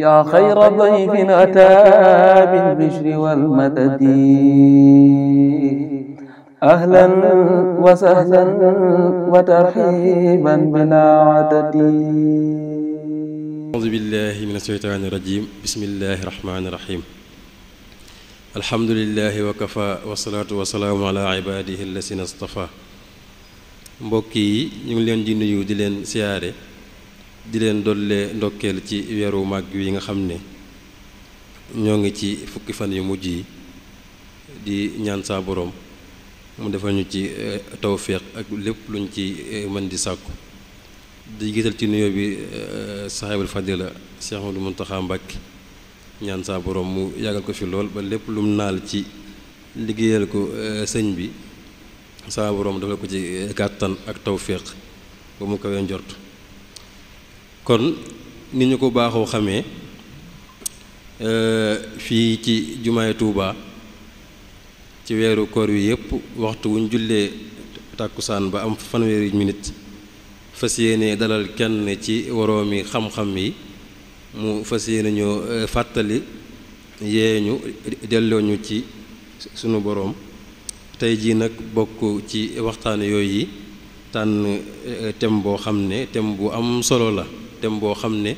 yaa xayra dayfin ataa bil bishri wal madadi ahlan wa sahlan wa tarhiiban bilaa adadi. auzu billaahi mina sheytaani rajiim bismillaahi rahmaani rahiim. alhamdulillaahi wa kafaa wa salaatu wa salaamu alaa ibaadihi allaziina stafaa. mbokk yi ñu ngi leen di nuyu di leen siyaare. di leen dollee ndokkeel ci weeru màgg yi nga xam ne ñoo ngi ci fukki fan yu mujj yi di ñaan saa boroom mu defal ñu ci eh, tawféex ak lépp luñ ci eh, mën di sàkku di gisal ci nuyoo bi eh, saxaabul fadila Cheikh Ahmadou Mountakha Mbacké ñaan saa mu yàggal ko fi lool ba lépp lum naal ci liggéeyal ko sëñ bi saa boroom defal ko ci kàttan ak tawféex ba mu kawee njort kon ni ñu ko baaxoo xamee euh, fii ci jumaay Tuuba ci weeru koor wi yépp waxtu wuñ jullee tàkkusaan ba am fanweeri minute fas yéene dalal kenn ci woroomi xam-xam yi mu fas yéene ñoo euh, fàttali yee ñu delloo ñu ci sunu boroom tey jii nag bokk ci waxtaan yooyu tànn euh, thème boo xam ne thème bu am solo la tem boo xam ne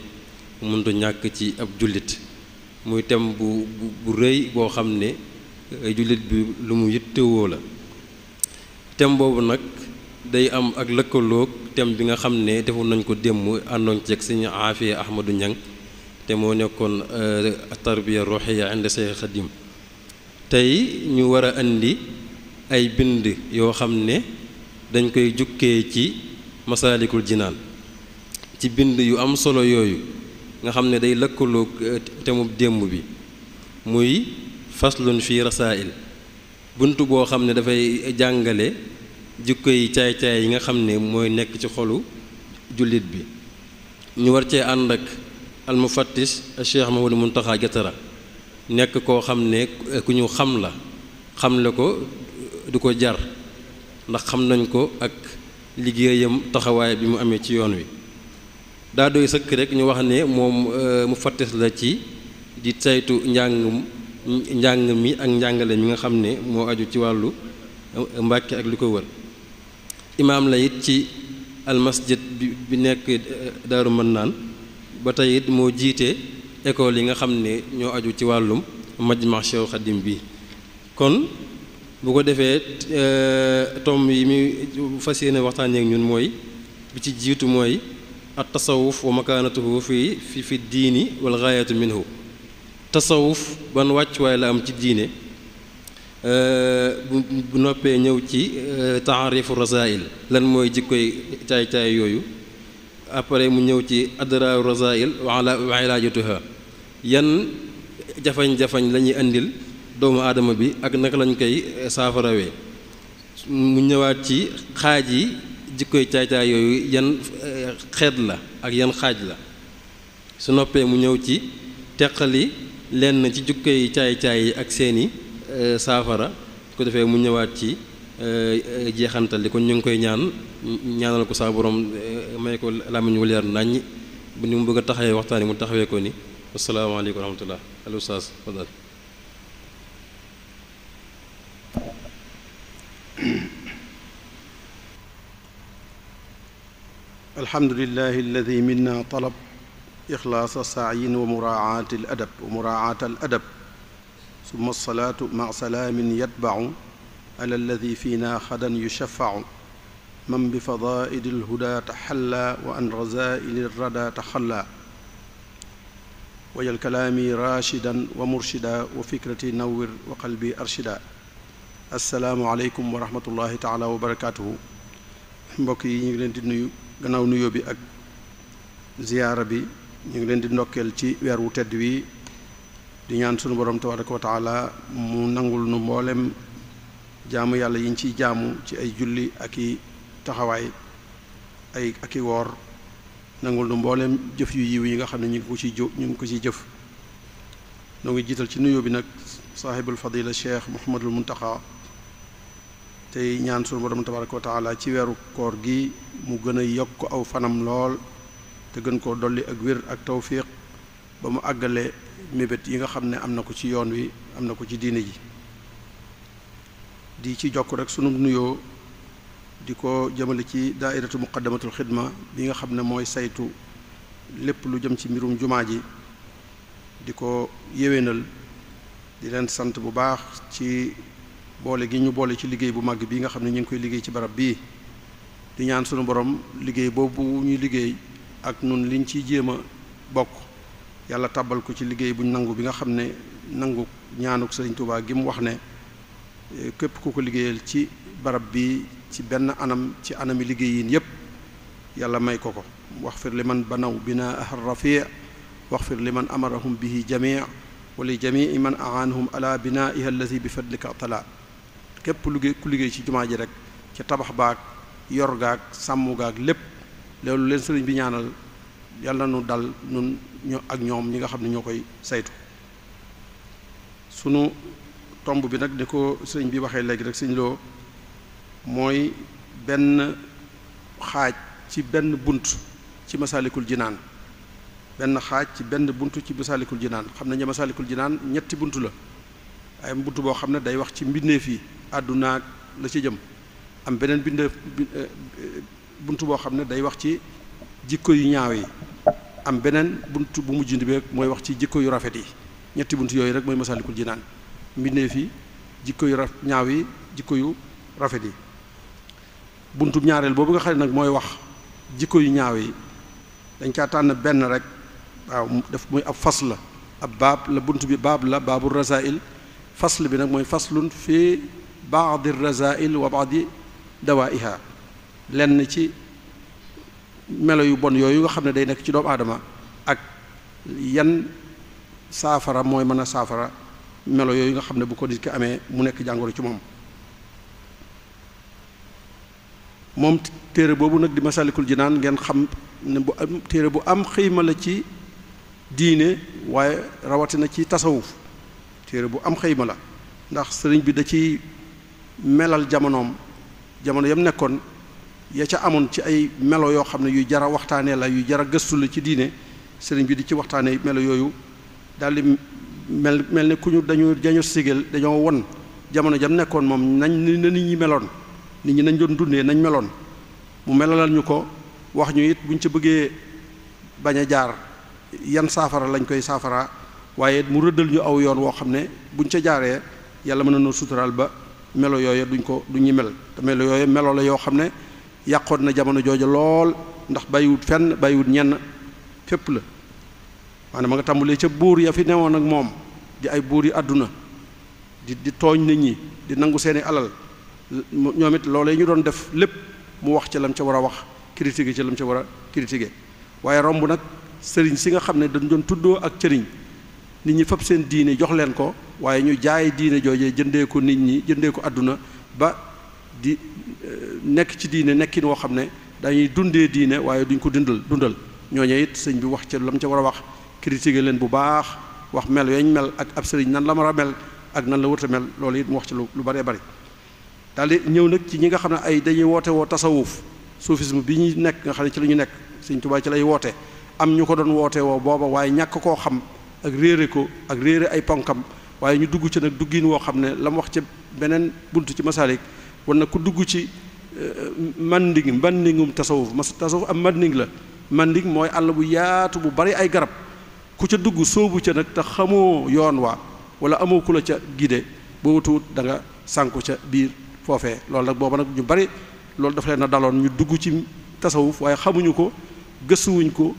mënut a ñàkk ci ab jullit muy tem bu bu rëy boo xam ne jullit bi lu mu yittewoo la tem boobu nag day am ak lëkkaloog tem bi nga xam ne defoon nañ ko démb àndoon ceeg sëñ Aafiya Ahmadu Ñang te moo nekkoon euh, tarbiya ruhiya inda Seex Xadim tey ñu war a indi ay bind yoo xam ne dañ koy jukkee ci masaalikul jinaan ci bind yu am solo yooyu nga xam ne day lëkkaloo euh, temub démb bi muy faslun fi rasail bunt boo xam ne dafay jàngale jikko yi caay-caay yi nga xam ne mooy nekk ci xolu jullit bi ñu war cee ànd ak almufattis Cheikh Mahamadou Muntaxa Jatara nekk koo xam ne euh, ku ñu xam la xam le ko euh, du ko jar ndax xam nañ ko ak liggéeyam taxawaay bi mu amee ci yoon wi daa sëkk rek ñu wax ne moom euh, mu fattis la ci di saytu njàng njàng mi ak njàngale mi nga xam ne moo aju ci wàllu euh, Mbàkke ak li ko wër imaam la it ci almasjid bi nekk euh, Daaru naan ba tey it moo jiite école yi nga xam ne ñoo aju ci wàllum majma Cheikh Xadim bi kon bu ko defee tom yi muy fas yéene waxtaan ak ñun mooy bi ci jiitu mooy at tasawuf wa makaanatuhu fi fi fi diini wal gaayatu minhu tasawuf ban wàccuwaay la am ci diine eh, bu noppee ñëw ci eh, taarifu rasail lan mooy jikkoy caay caay yooyu après mu ñëw ci adraaru rasail wa wa ilaajatuha yan jafañ-jafañ la ñuy indil doomu aadama bi ak naka lañ koy eh, saafarawee mu ñëwaat ci xaaj jikkoy caay-caay yooyu yan eh, xeet la ak yan xaaj la su noppee mu ñëw ci teqali lenn ci jikkoy caay-caay ak seeni eh, saafara su ko defee mu ñëwaat ci eh, jeexantal li kon ñu ngi koy ñaan ñaanal ko saa borom may ko làmmiñ wu leer naññ ni mu bëgg a taxawee waxtaan yi mu taxawee ko ni asalaamaaleykum wa rahmatullah al oustaz fadal alhamdulilahi alladi minna talab ixlaasa saayin wa muraacaati al adab wa muraacaata al adab summa alsalaatu maa salaamin yatbacu ala alladi fiina xadan yushafacu man bi fadaa'ili alhudaa taxallaa wa an razaa'ili radaa taxallaa wajal kalaami raashidan wa murshidaa wa fikrati nawwir wa qalbi arshidaa assalaamu aleykum wa rahmatullahi taala wa barakaatuhu mbokk yi ñu ngi leen di nuyu gannaaw nuyoo bi ak ziyaara bi ñu ngi leen di ndokkeel ci weer wu tedd wi di ñaan sunu borom tabaraka mu nangul nu mboolem jaamu yàlla yi ciy jaamu ci ay julli ak taxawaay ay ak i woor nangul nu mbooleem jëf yu yiw yi nga xam ne ñu ngi ko ciy jëf ngi ko ciy jëf noo ngi jiital ci nuyoo bi nag saahibul fadila cheikh Mouhamadul Muntaqa tey ñaan sunu borom tabaraka wa ci weeru koor gi mu gën a yokk aw fanam lool te gën koo dolli ak wér ak tawfiq ba mu àggale mébét yi nga xam ne am na ko ci yoon wi am na ko ci diine ji di ci jokk rek sunu nuyoo di ko jëmale ci daairatu muqaddamatul xidma bi nga xam ne mooy saytu lépp lu jëm ci mbirum jumaa ji di ko yéwénal di leen sant bu baax ci boole gi ñu boole ci liggéey bu màgg bii nga xam ne ñu ngi koy liggéey ci barab bii di ñaan sunu borom liggéey boobu ñuy liggéey ak nun liñ ciy jéem a bokk yàlla tàbbal ko ci liggéey buñ nangu bi nga xam ne nangu ñaanu sëriñ Tuubaa gi mu wax ne eh, képp ku ko liggéeyal ci barab bi ci benn anam ci anami liggéeyin yépp yàlla may ko ko wax fir li man banaw binaaha rafi wax fir li man amarahum bihi jamii wa li jamii man aanahum ala binaa alladi bi fadlika tala képp liggéey ku liggéey ci jumaa ji rek ca tabax baag yor gaag sàmm gaag lépp loolu leen sëriñ bi ñaanal yàlla nu dal nun ño ak ñoom ñi nga xam ne ñoo koy saytu sunu tomb bi nag ni ko sëriñ bi waxee léegi rek sëriñ loo mooy benn xaaj ci benn bunt ci masaalikul jinaan benn xaaj ci benn bunt ci masaalikul jinaan xam nañu masaalikul jinaan ñetti bunt la ay bunt boo xam ne day wax ci mbindeef yi àddunaak la ci jëm am beneen bind eh, bunt boo xam ne day wax ci jikko yu ñaaw yi am beneen bunt bu mujj bi rek mooy wax ci jikko yu rafet yi ñetti bunt yooyu rek mooy masaalikul jinaan mbindeef yi jikko yu raf ñaaw yi jikko yu rafet yi buntu ñaareel boobu nga xam nag mooy wax jikko yu ñaaw yi dañ ca tànn benn rek waaw daf muy ab fas la ab baab la bunt bi baab la baabul rasail fasl bi nag mooy faslun fii baadi razail wa baadi dawaiha lenn ci melo yu bon yooyu nga xam ne day nekk ci doomu aadama ak yan saafara mooy mën a saafara melo yooyu nga xam ne bu ko nit ki amee mu nekk jàngoro ci moom moom téere boobu nag di masalikul jinaan ngeen xam ne bu am téere bu am xëyma la ci diine waaye rawatina ci tasawuf téere bu am xëyma la ndax sëriñ bi da melal jamonoom jamono yam nekkoon ya ca amoon ci ay melo yoo xam ne yuy jara waxtaanee la yuy jara gëstu la ci diine sëriñ bi di ci waxtaanee melo yooyu daal di mel mel ni ku ñu dañu dañu sigal dañoo won jamono jam nekkoon moom nañ na nit ñi meloon nit ñi nañ doon dundee nañ meloon mu melalal ñu ko wax ñu it buñ ci bëggee bañ a jaar yan saafara lañ koy saafara waaye mu rëddal ñu aw yoon woo xam ne buñ ca jaaree yàlla mën na noo suturaal ba melo yooya duñ ko duñu mel te melo yooya melo la yoo xam ne yàqoon na jamono jooja lool ndax bàyyiwut fenn bàyyiwut ñenn fépp la maanaam ma nga tàmbalee ca buur ya fi newoon ak moom di ay buur yi àdduna di di tooñ nit ñi di nangu seeni alal ñoom it loolee ñu doon def lépp mu wax ca lam ca war a wax critiquer ca lam ca war a critiquer waaye romb nag sëriñ si nga xam ne dañ doon tuddoo ak cëriñ nit ñi fab seen diine jox leen ko waaye ñu jaay diine joojee jëndee ko nit ñi jëndee ko àdduna ba di eh, nekk ci diine nekkin woo xam ne dañuy dundee diine waaye duñ ko dundal dundal ñooñu it sëñ bi wax ca lam ca war a wax critiquer leen bu baax wax mel yañ mel ak ab sëriñ nan la mar a mel ak nan la wut mel loolu it mu wax ci lu lu baree bari daal ñëw nag ci ñi nga xam ne ay dañuy woote woo tasawuf soufisme bi ñuy nekk nga xam ne ci la ñu nekk sëñ Tuubaa ci lay woote am ñu ko doon woote woo booba waaye ñàkk koo xam ak réere ko ak réere ay ponkam waaye ñu dugg ci nag duggiin woo xam ne la mu wax ca beneen bunt ci masaalik war na ku dugg ci eh, manding mandingum tasawuf mas tasawuf am manding la manding mooy àll bu yaatu bu bari ay garab ku ca dugg soobu ca nag te xamoo yoon waa wala amoo ku la ca giide boo watuwut da nga sànku ca biir foofe loolu nag booba nag ñu bari loolu dafa leen a daloon ñu dugg ci tasawuf waaye xamuñu ko gëstuwuñ ko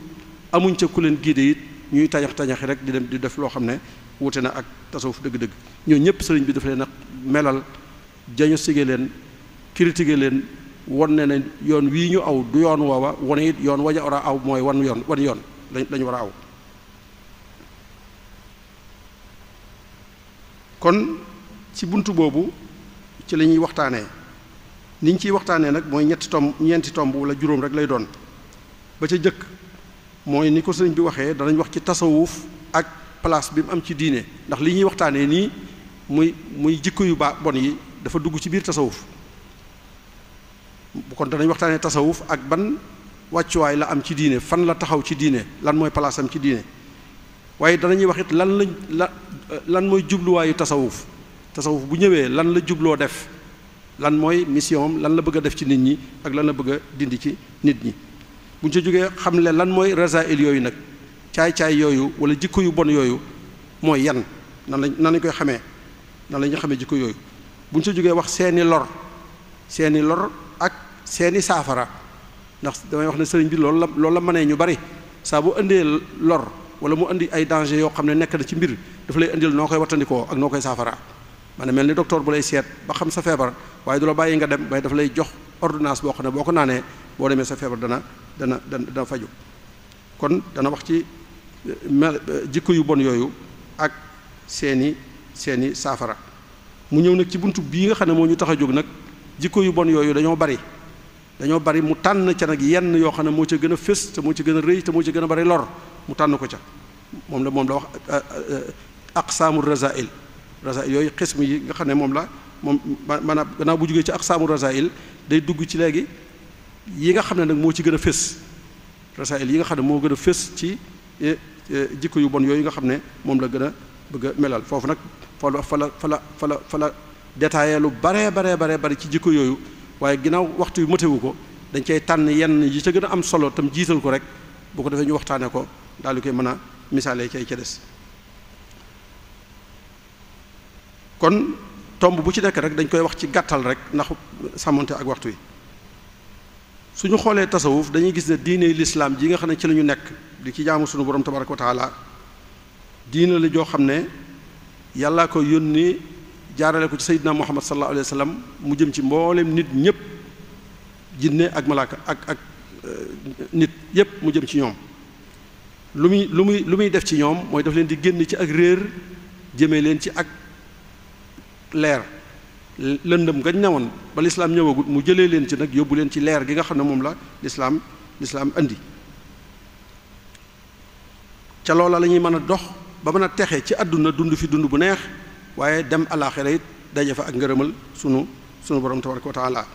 amuñ ca ku leen gide it ñuy tañax tañaxi rek di dem di def loo xam ne wute na ak tasawuf dëgg-dëgg ñoo ñëpp sëriñ bi dafa leen a melal jaño sige leen critiqué leen won ne ne yoon wii ñu aw du yoon woowa wane it yoon wañu war a aw mooy wan yoon wan yoon lañu war a aw kon ci bunt boobu ci la ñuy waxtaanee ni ciy waxtaanee nag mooy ñetti tomb ñeenti tomb wala juróom rek lay doon ba ca jëkk mooy ni ko sëñ bi waxee danañ wax ci tasawuf ak place bi mu am ci diine ndax li ñuy waxtaanee nii muy muy jikko yu ba bon yi dafa dugg ci biir tasawuf kon danañ waxtaanee tasawuf ak ban wàccuwaay la am ci diine fan la taxaw ci diine lan mooy place am ci diine waaye danañuy wax it lan lañ la lan mooy jubluwaayu tasawuf tasawuf bu ñëwee lan la jubloo def lan mooy mission lan la bëgg a def ci nit ñi ak lan la bëgg a dindi ci nit ñi bu ñu ci jógee xam leen lan mooy rasail yooyu nag caay-caay yooyu wala jikko yu bon yooyu mooy yan nan lañ nan lañ koy xamee na la ñu xamee jikko yooyu bu ñu ci jógee wax seeni lor seeni lor ak seeni saafara ndax damay wax ne sëriñ bi loolu la loolu la mënee ñu bari saa bu indee lor wala mu indi ay danger yoo xam ne nekk na ci mbir dafa lay indil noo koy wattandikoo ak noo koy saafara man mel ni docteur bu lay seet ba xam sa feebar waaye du la bàyyi nga dem bay dafa lay jox ordonnance boo xam ne boo ko naanee boo demee sa feebar dana dana dana faju kon dana wax ci eh, mel eh, jikko yu bon yooyu ak seeni seeni saafara mu ñëw nag ci buntu bii nga xam ne moo ñu tax a jóg nag jikko yu bon yooyu dañoo bari dañoo bari mu tànn ca nag yenn yoo xam ne moo ca gën a fés te moo ca gën a rëy moo ca gën a bari mu tànn ko ca moom la moom la wax eh, aqsaamu razail razail yooyu xism yi nga xam ne moom la moom maanaam gannaaw bu jógee ci aqsaamu razail day dugg ci léegi yi nga xam ne nag moo ci gën a fés rasaayil yi nga xam ne moo gën a fés ci eh, eh, jikko yu bon yooyu nga xam ne moom la gën a bëgg melal foofu nag fa la fa la fa la fa la fa lu baree baree baree bari ci jikko yooyu waaye ginnaw waxtu yu matewu ko dañ cay tànn yenn yi ca gën a am solo tam jiital ko rek boo ko defee ñu waxtaanee ko daal di koy mën a misaale cay ca des kon tomb bu ci nekk rek dañ koy wax ci gàttal rek ndax sàmmonte ak waxtu yi su ñu xoolee tasawuf dañuy gis ne diine lislaam ji nga xam ne ci la ñu nekk di ci jaamu sunu borom tabaraka wa taala diine la joo xam ne yàllaa ko yónni jaarale ko ci sayyidina muhammad sallallahu alayhi wa sallam mu jëm ci mbooleem nit ñépp jinne ak malaaka ak ak euh, nit yépp mu jëm ci ñoom lu muy lu muy muy def ci ñoom mooy daf leen di génn ci ak réer jëmee leen ci ak leer lëndëm gañ newoon ba lislaam ñëwagut mu jëlee leen ci nag yóbbu leen ci leer gi nga xam ne moom la lislaam lislaam indi ca loola la ñuy mën a dox ba mën a texe ci àdduna dund fi dund bu neex waaye dem alaaxira it daje fa ak ngërëmal sunu sunu borom tabaraka wa taala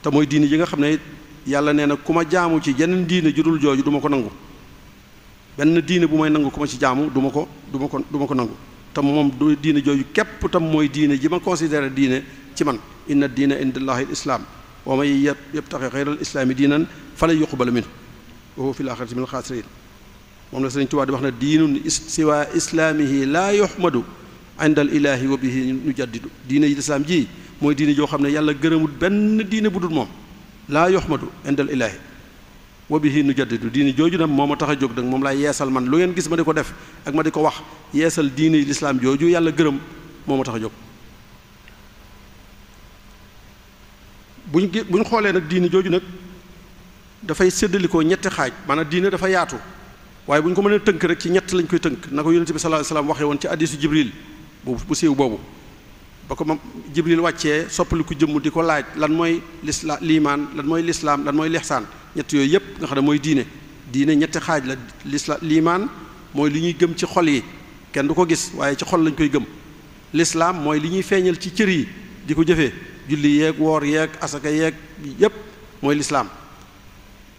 te mooy diine yi nga xam ne yàlla nee na ku ma jaamu ci jeneen diine ju jooju duma ko nangu benn diine bu may nangu ku ma ci jaamu duma ko du ma ko du ma ko nangu te moom du diine jooju képp mooy diine ji ma considéré diine ci man inna diina indallahi lislaam wa man yabtaxi xayra alislaami diinan falan yuqbala minhu wa huwa fi laaxirati min alxaasiriin moom la Sëriñ Tuubaa di wax ne diinun siwa islaamihi laa yuxmadu inda al ilaahi wa bihi ji mooy diine joo xam ne yàlla gërëmul benn diine bu dul moom laa yuxmadu inda al ilaahi wa bihi nujaddidu diine jooju nag moo ma tax a jóg nag moom laay yeesal man lu ngeen gis ma di ko def ak ma di ko wax yeesal diine yi lislaam jooju yàlla gërëm moo ma tax a jóg buñ ñu xoolee nag diine jooju nag dafay séddalikoo ñetti xaaj maanaam diine dafa yaatu waaye bu ñu ko mënee tënk rek ci ñett lañ koy tënk na ko yonente bi sallallahu alayhi waxee woon ci hadisu jibril bu bu siiw boobu ba ko ma jibril wàccee soppaliku jëmm di ko laaj lan mooy lisla liimaan lan mooy lislaam lan mooy lixsaan ñett yooyu yépp nga xam ne mooy diine diine ñetti xaaj la lisla liimaan mooy li ñuy gëm ci xol yi kenn du ko gis waaye ci xol lañ koy gëm lislaam mooy li ñuy feeñal ci cër yi di ko jëfee julli yeeg woor yeeg asaka yeeg yépp mooy lislaam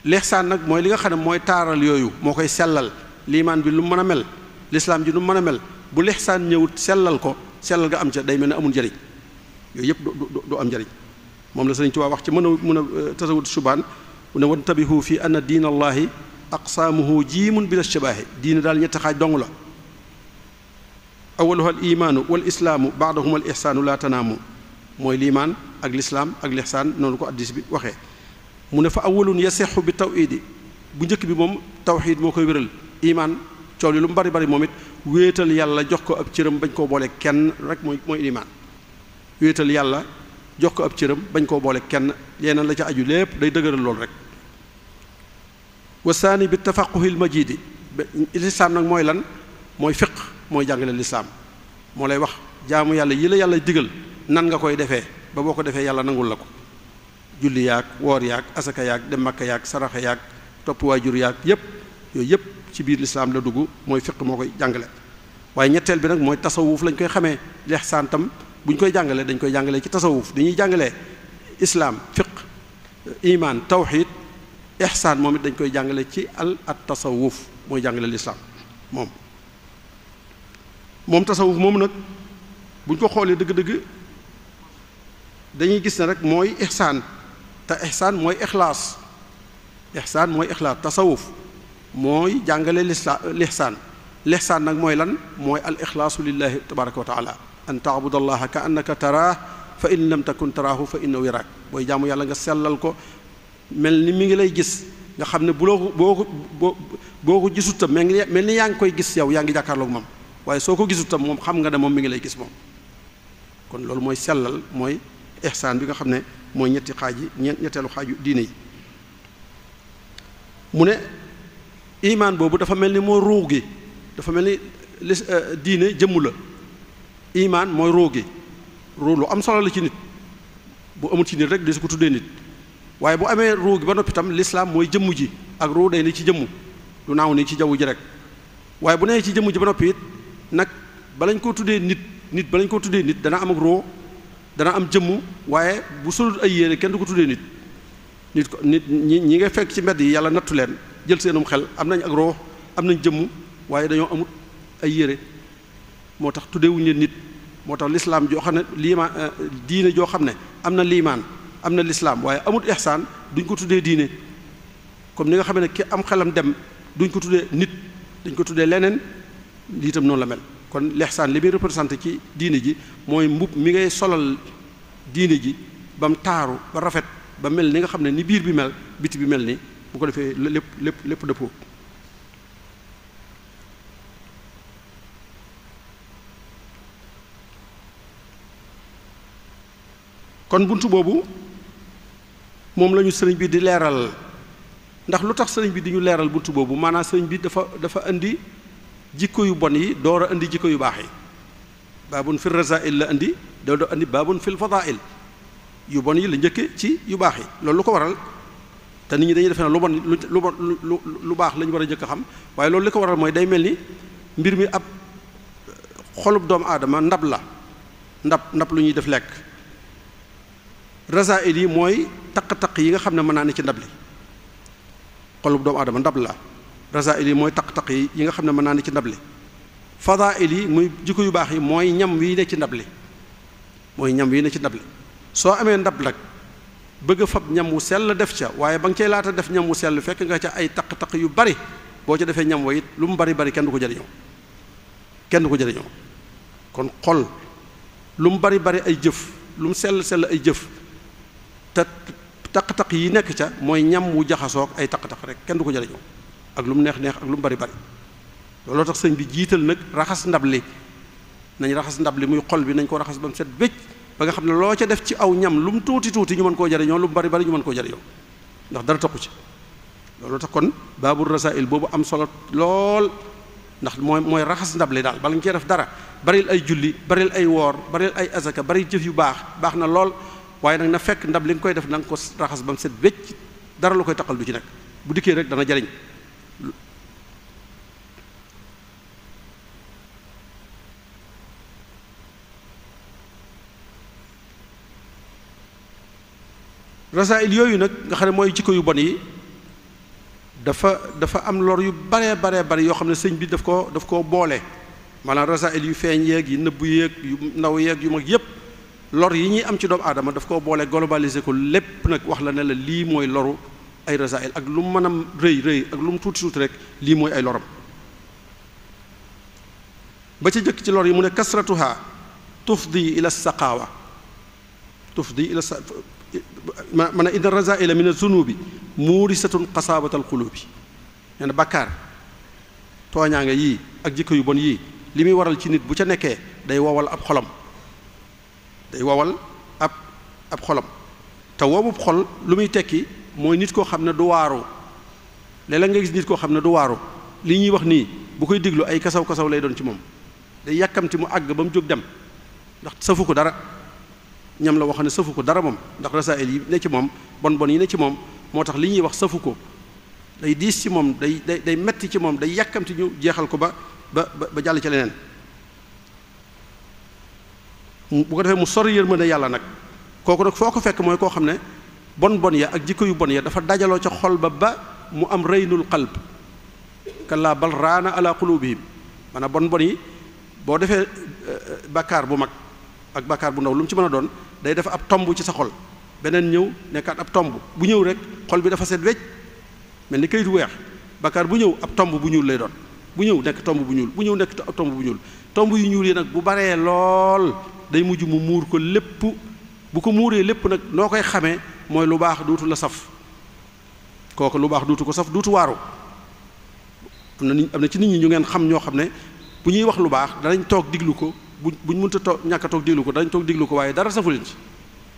lixsaan nag mooy li nga xam ne mooy taaral yooyu moo koy sellal liimaan bi lu mën a mel lislaam ji lu mën a mel bu lixsaan ñëwut sellal ko sellal nga am ca day mel ne amul njariñ yooyu yëpp du am njëriñ moom la Sëriñ Tuubaa wax ci mën a mën a euh, tasawut subaan ne wantabihu fi anna diin allahi aqsaamuhu jiimun bila shabaahi diine daal ñetti xaaj dong la awaluha al imaanu wal islaamu baadahuma al ihsaanu laa tanaamu mooy liimaan ak lislaam ak lixsaan noonu ko addis bi waxee mu ne fa awalun yasixu bi tawhidi bu njëkk bi moom tawxid moo koy wéral imaan coow li lu mu bari bari moom it wéetal yàlla jox ko ab cëram bañ koo boole kenn rek mooy mooy liimaan wéetal yàlla jox ko ab cëram bañ koo boole kenn yeneen la ca aju lépp day dëgëral loolu rek wasaani bi tafaquhil majidi lislaam nag mooy lan mooy fiq mooy jàngale lislaam moo lay wax jaamu yàlla yi la yàlla digal nan nga koy defee ba boo ko defee yàlla nangul la ko julli yaag woor yaag asaka yaag dem makka yaag saraxa yaag topp waajur yaag yépp yooyu yépp ci biir lislaam la dugg mooy fiq moo koy jàngale waaye ñetteel bi nag mooy tasawuf lañ koy xamee lexsaan tam bu ñu koy jàngalee dañ koy jàngalee ci tasawuf dañuy jàngalee islaam fiq iman tawxid ihsaan moom it dañ koy jàngale ci al at tasawuf mooy jàngale lislaam moom moom tasawuf moom nag bu ñu ko xoolee dëgg-dëgg dañuy gis ne rek mooy ihsaan te ihsaan mooy ixlaas ihsaan mooy ixlaas tasawuf mooy jàngale lisla lihsaan lihsaan nag mooy lan mooy al ixlaasu lillahi tabaraka wa taala an taabud allaha ka annaka taraah fa in lam takun taraahu fa innahu yaraak booy jàmm yàlla nga sellal ko mel ni mi ngi lay gis nga xam ne bu loo boo ko boo ko gisut tam mel ni mel ni yaa ngi koy gis yow yaa ngi jàkkaarloog moom waaye soo ko gisut moom xam nga ne moom mi ngi lay gis moom kon loolu mooy sellal mooy ihsaan bi nga xam ne mooy ñetti xaaj yi ñeent ñetteelu xaaju diine yi mu ne imaan boobu dafa mel ni moo ruux gi dafa mel ni lis euh, diine jëmm la imaan mooy ruux gi ruux lu am solo la ci nit bu amul ci nit rek di su ko tuddee nit waaye bu amee ruux gi ba noppi tam lislaam mooy jëmm ji ak ruux day ne ci jëmm lu naaw ni ci jaww ji rek waaye bu nee ci jëmm ji ba noppiit it nag balañ koo tuddee nit nit balañ koo tuddee nit dana am ak ruux dana am jëmm waaye bu solut ay yére kenn du ko tuddee nit nit ko nit ñi ñi nga fekk ci mbedd yi yàlla nattu leen jël seenum xel am nañ ak roo am nañ jëmm waaye dañoo amut ay yére moo tax tuddewuñ leen nit moo tax lislaam joo xam ne liimaan euh, diine joo xam ne am na liimaan am na lislaam waaye amut ihsaan duñ ko tuddee diine comme ni nga xam ne ki am xelam dem duñ ko tuddee nit dañ ko tuddee leneen itam noonu la mel kon lexsaan li muy représenté ci diine ji mooy mbub mi ngay solal diine ji ba taaru ba rafet ba mel ni nga xam ne ni biir bi mel biti bi mel ni bu ko defee lépp lépp lépp dëppoo kon buntu boobu moom la ñu sëriñ bi di leeral ndax lu tax sëriñ bi di ñu leeral buntu boobu maanaam sëriñ bi dafa dafa indi jikko yu bon yi door a indi jikko yu baax yi baabun fil rasail la indi doo doo indi baabun fil fadail yu bon yi la njëkke ci yu baax yi loolu lu ko waral te nit ñi dañuy defe ne lu bon lu baax la war a njëkk a xam waaye loolu li ko waral mooy day mel ni mbir mi ab xolub doomu aadama ndab la ndab ndab lu ñuy def lekk rasail yi mooy taq-taq yi nga xam ne mën naa ne ci ndab li xolub doomu aadama ndab la rasail yi mooy takk taq yi yi nga xam ne mën naa ne ci ndable fadail yi muy jikko yu baax yi mooy ñam wi ne ci ndab ndable mooy ñam wi ne ci li soo amee ndab nag bëgg a fab ñam wu sell def ca waaye ba nga cay laata def ñam wu sell fekk nga ca ay taq-taq yu bari boo ca defee ñam wa lu mu bari bari kenn du ko jëriñoo kenn du ko jëriñoo kon xol lu bari bari ay jëf lu sell sell ay jëf te taq-taq yi nekk ca mooy ñam wu jaxasoog ay taq-taq rek kenn du ko jëriñoo ak lu mu neex neex ak lu mu bari bari looloo tax sëñ bi jiital nag raxas ndab li nañ raxas ndab li muy xol bi nañ ko raxas ba mu set bëcc ba nga xam ne loo ca def ci aw ñam lu mu tuuti tuuti ñu mën koo jariñoo lu bari bari ñu mën koo ndax dara toqu ci looloo tax kon baabul rasail boobu am solo lool ndax mooy mooy raxas ndab li daal bala nga cee def dara baril ay julli baril ay woor baril ay azaka baril jëf yu baax baax na lool waaye nag na fekk ndab li koy def na nga ko raxas ba mu set wécc dara lu koy taqal du ci nekk bu dikkee rek dana jariñ rasaayil yooyu nag nga xam ne mooy jikko yu bon yi dafa dafa am lor yu bare bare bari yoo xam ne sëñ bi daf koo daf koo boole maanaam rasaayil yu feeñ yeeg yi nëbbu yeeg yu ndaw yeeg yu mag yépp lor yi ñuy am ci doomu aadama daf koo boole globaliser ko lépp nag wax la ne la lii mooy loru ay rasaayil ak lu mu mën a rëy rëy ak lu mu tuuti tuuti rek lii mooy ay loram ba ci jëkk ci lor yi mu ne kasratuha tufdi ila saqaawa tufdi ila ma man a inna razaila min azunubi muurisatun xasaabatal xulubi nee na bàkkaar tooñaanga yii ak jikko yu bon yii li muy waral ci nit bu ca nekkee day wowal ab xolom day wowal ab ab xolom te wowub xol lu muy tekki mooy nit koo xam ne du waaroo léeg nga gis nit koo xam ne du waaru li ñuy wax nii bu koy diglu ay kasaw kasaw lay doon ci moom day yàkkamti mu àgg ba mu jóg dem ndax safu ko dara ñam la wax ne sëfu ko dara moom ndax rasaayil yi ne ci moom bon bon yi ne ci moom moo tax li ñuy wax sëfu ko day diis ci moom day day day metti ci moom day yàkkamti ñu jeexal ko ba ba ba jàll ca leneen bu ko defee mu sori yërmande yàlla nag kooku nag foo ko fekk mooy koo xam ne bon bon ya ak jikko yu bon ya dafa dajaloo ca xol ba ba mu am reynul qalb kallaa bal raana ala qulubihim maanaam bon bon yi boo defee eh, eh, bàkkaar bu mag ak bàkkaar bu ndaw lu mu ci mën a doon day def ab tomb ci sa xol beneen ñëw nekkaat ab tomb bu ñëw rek xol bi dafa set wecc mel ni kayitu weex bakkaar bu ñëw ab tomb bu ñuul lay doon bu ñëw nekk tomb bu ñuul bu ñëw nekk tomb bu ñuul tomb yu ñuul yi nag bu baree lool day mujj mu muur ko lépp bu ko muuree lépp nag noo koy xamee mooy lu baax duutu la saf kooku lu baax duutu ko saf duutu waaru am na am na ci nit ñi ñu ngeen xam ñoo xam ne bu ñuy wax lu baax danañ toog diglu ko bu buñ mënta toog ñàkk a toog déglu ko dañ toog déglu ko waaye dara safu leen ci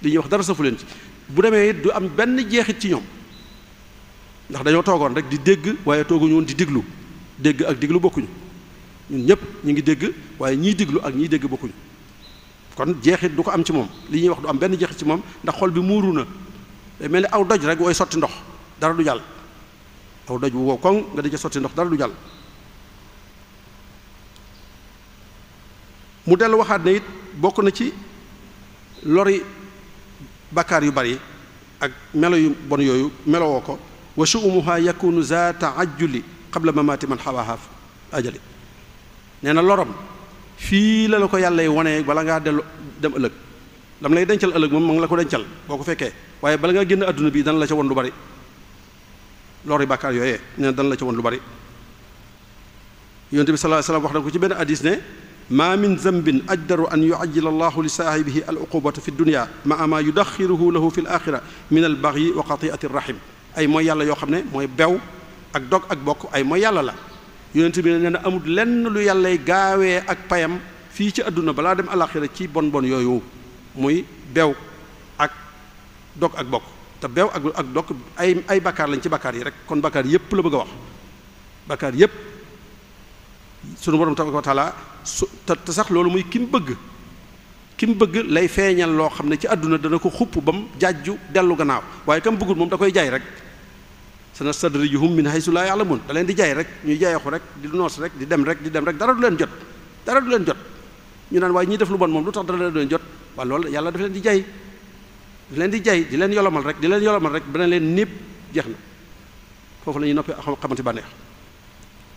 li ñuy wax dara safu leen ci bu demee it du am benn jeexit ci ñoom ndax dañoo toogoon rek di dégg waaye tooguñu woon di déglu dégg ak déglu bokkuñu ñun ñëpp ñu ngi dégg waaye ñiy déglu ak ñii dégg bokkuñu kon jeexit du ko am ci moom li ñuy wax du am benn jeexit ci moom ndax xol bi muuru na day mel ni aw doj rek wooy sotti ndox dara du jàll aw doj wu wow koŋ nga di ca sotti ndox dara jàll mu dellu waxaat ne it bokk na ci lori bakkaar yu bari ak melo yu bon yooyu melowoo ko wa shu'umuha yakunu za ta'ajjuli qabla mamaati man xawaaha ajali nee na lorom fii la la ko yàlla wonee bala ngaa dellu dem ëllëg lam lay dencal ëllëg moom ma la ko dencal boo ko fekkee waaye bala ngaa génn àdduna bii dana la ca won lu bari lori bàkkaar yooyee nee dana la ca won lu bari yonte bi sallallahu alayhi wax na ko ci benn hadis ne maa min zambin ajdaru an yuajjila allahu li saahibihi al uqubata fi dunia maa maa yudaxiruhu lahu fi l axira min al baxyi wa qatiati rahim ay mooy yàlla yoo xam ne mooy bew ak dog ak bokk ay mooy yàlla la yonent bi nee na amul lu yàllay gaawee ak payam fii ci àdduna balaa dem alaxira ci bon bon yooyu muy bew ak bokk te bew ak ak ay ay bakkaar lañ ci bakkaar yi rek kon bakkaar yépp la bëgg a wax bakkaar yépp sunu borom tabaraka wa taala su te sax loolu muy ki mu bëgg ki mu bëgg lay feeñal loo xam ne ci àdduna dana ko xupp ba mu jàjju dellu gannaaw waaye kam bëggul moom da koy jaay rek sanastadrijuhum min haysu laa yàlla ya'lamuun da leen di jaay rek ñuy jaayaxu rek di noos rek di dem rek di dem rek dara du leen jot dara du leen jot ñu naan waaye ñiy def lu bon moom lu tax dara du leen jot waaye lool yàlla daf leen di jaay di leen di jaay di leen yolomal rek di leen yolomal rek beneen leen népp jeex na foofu la ñuy noppi xamante bànneex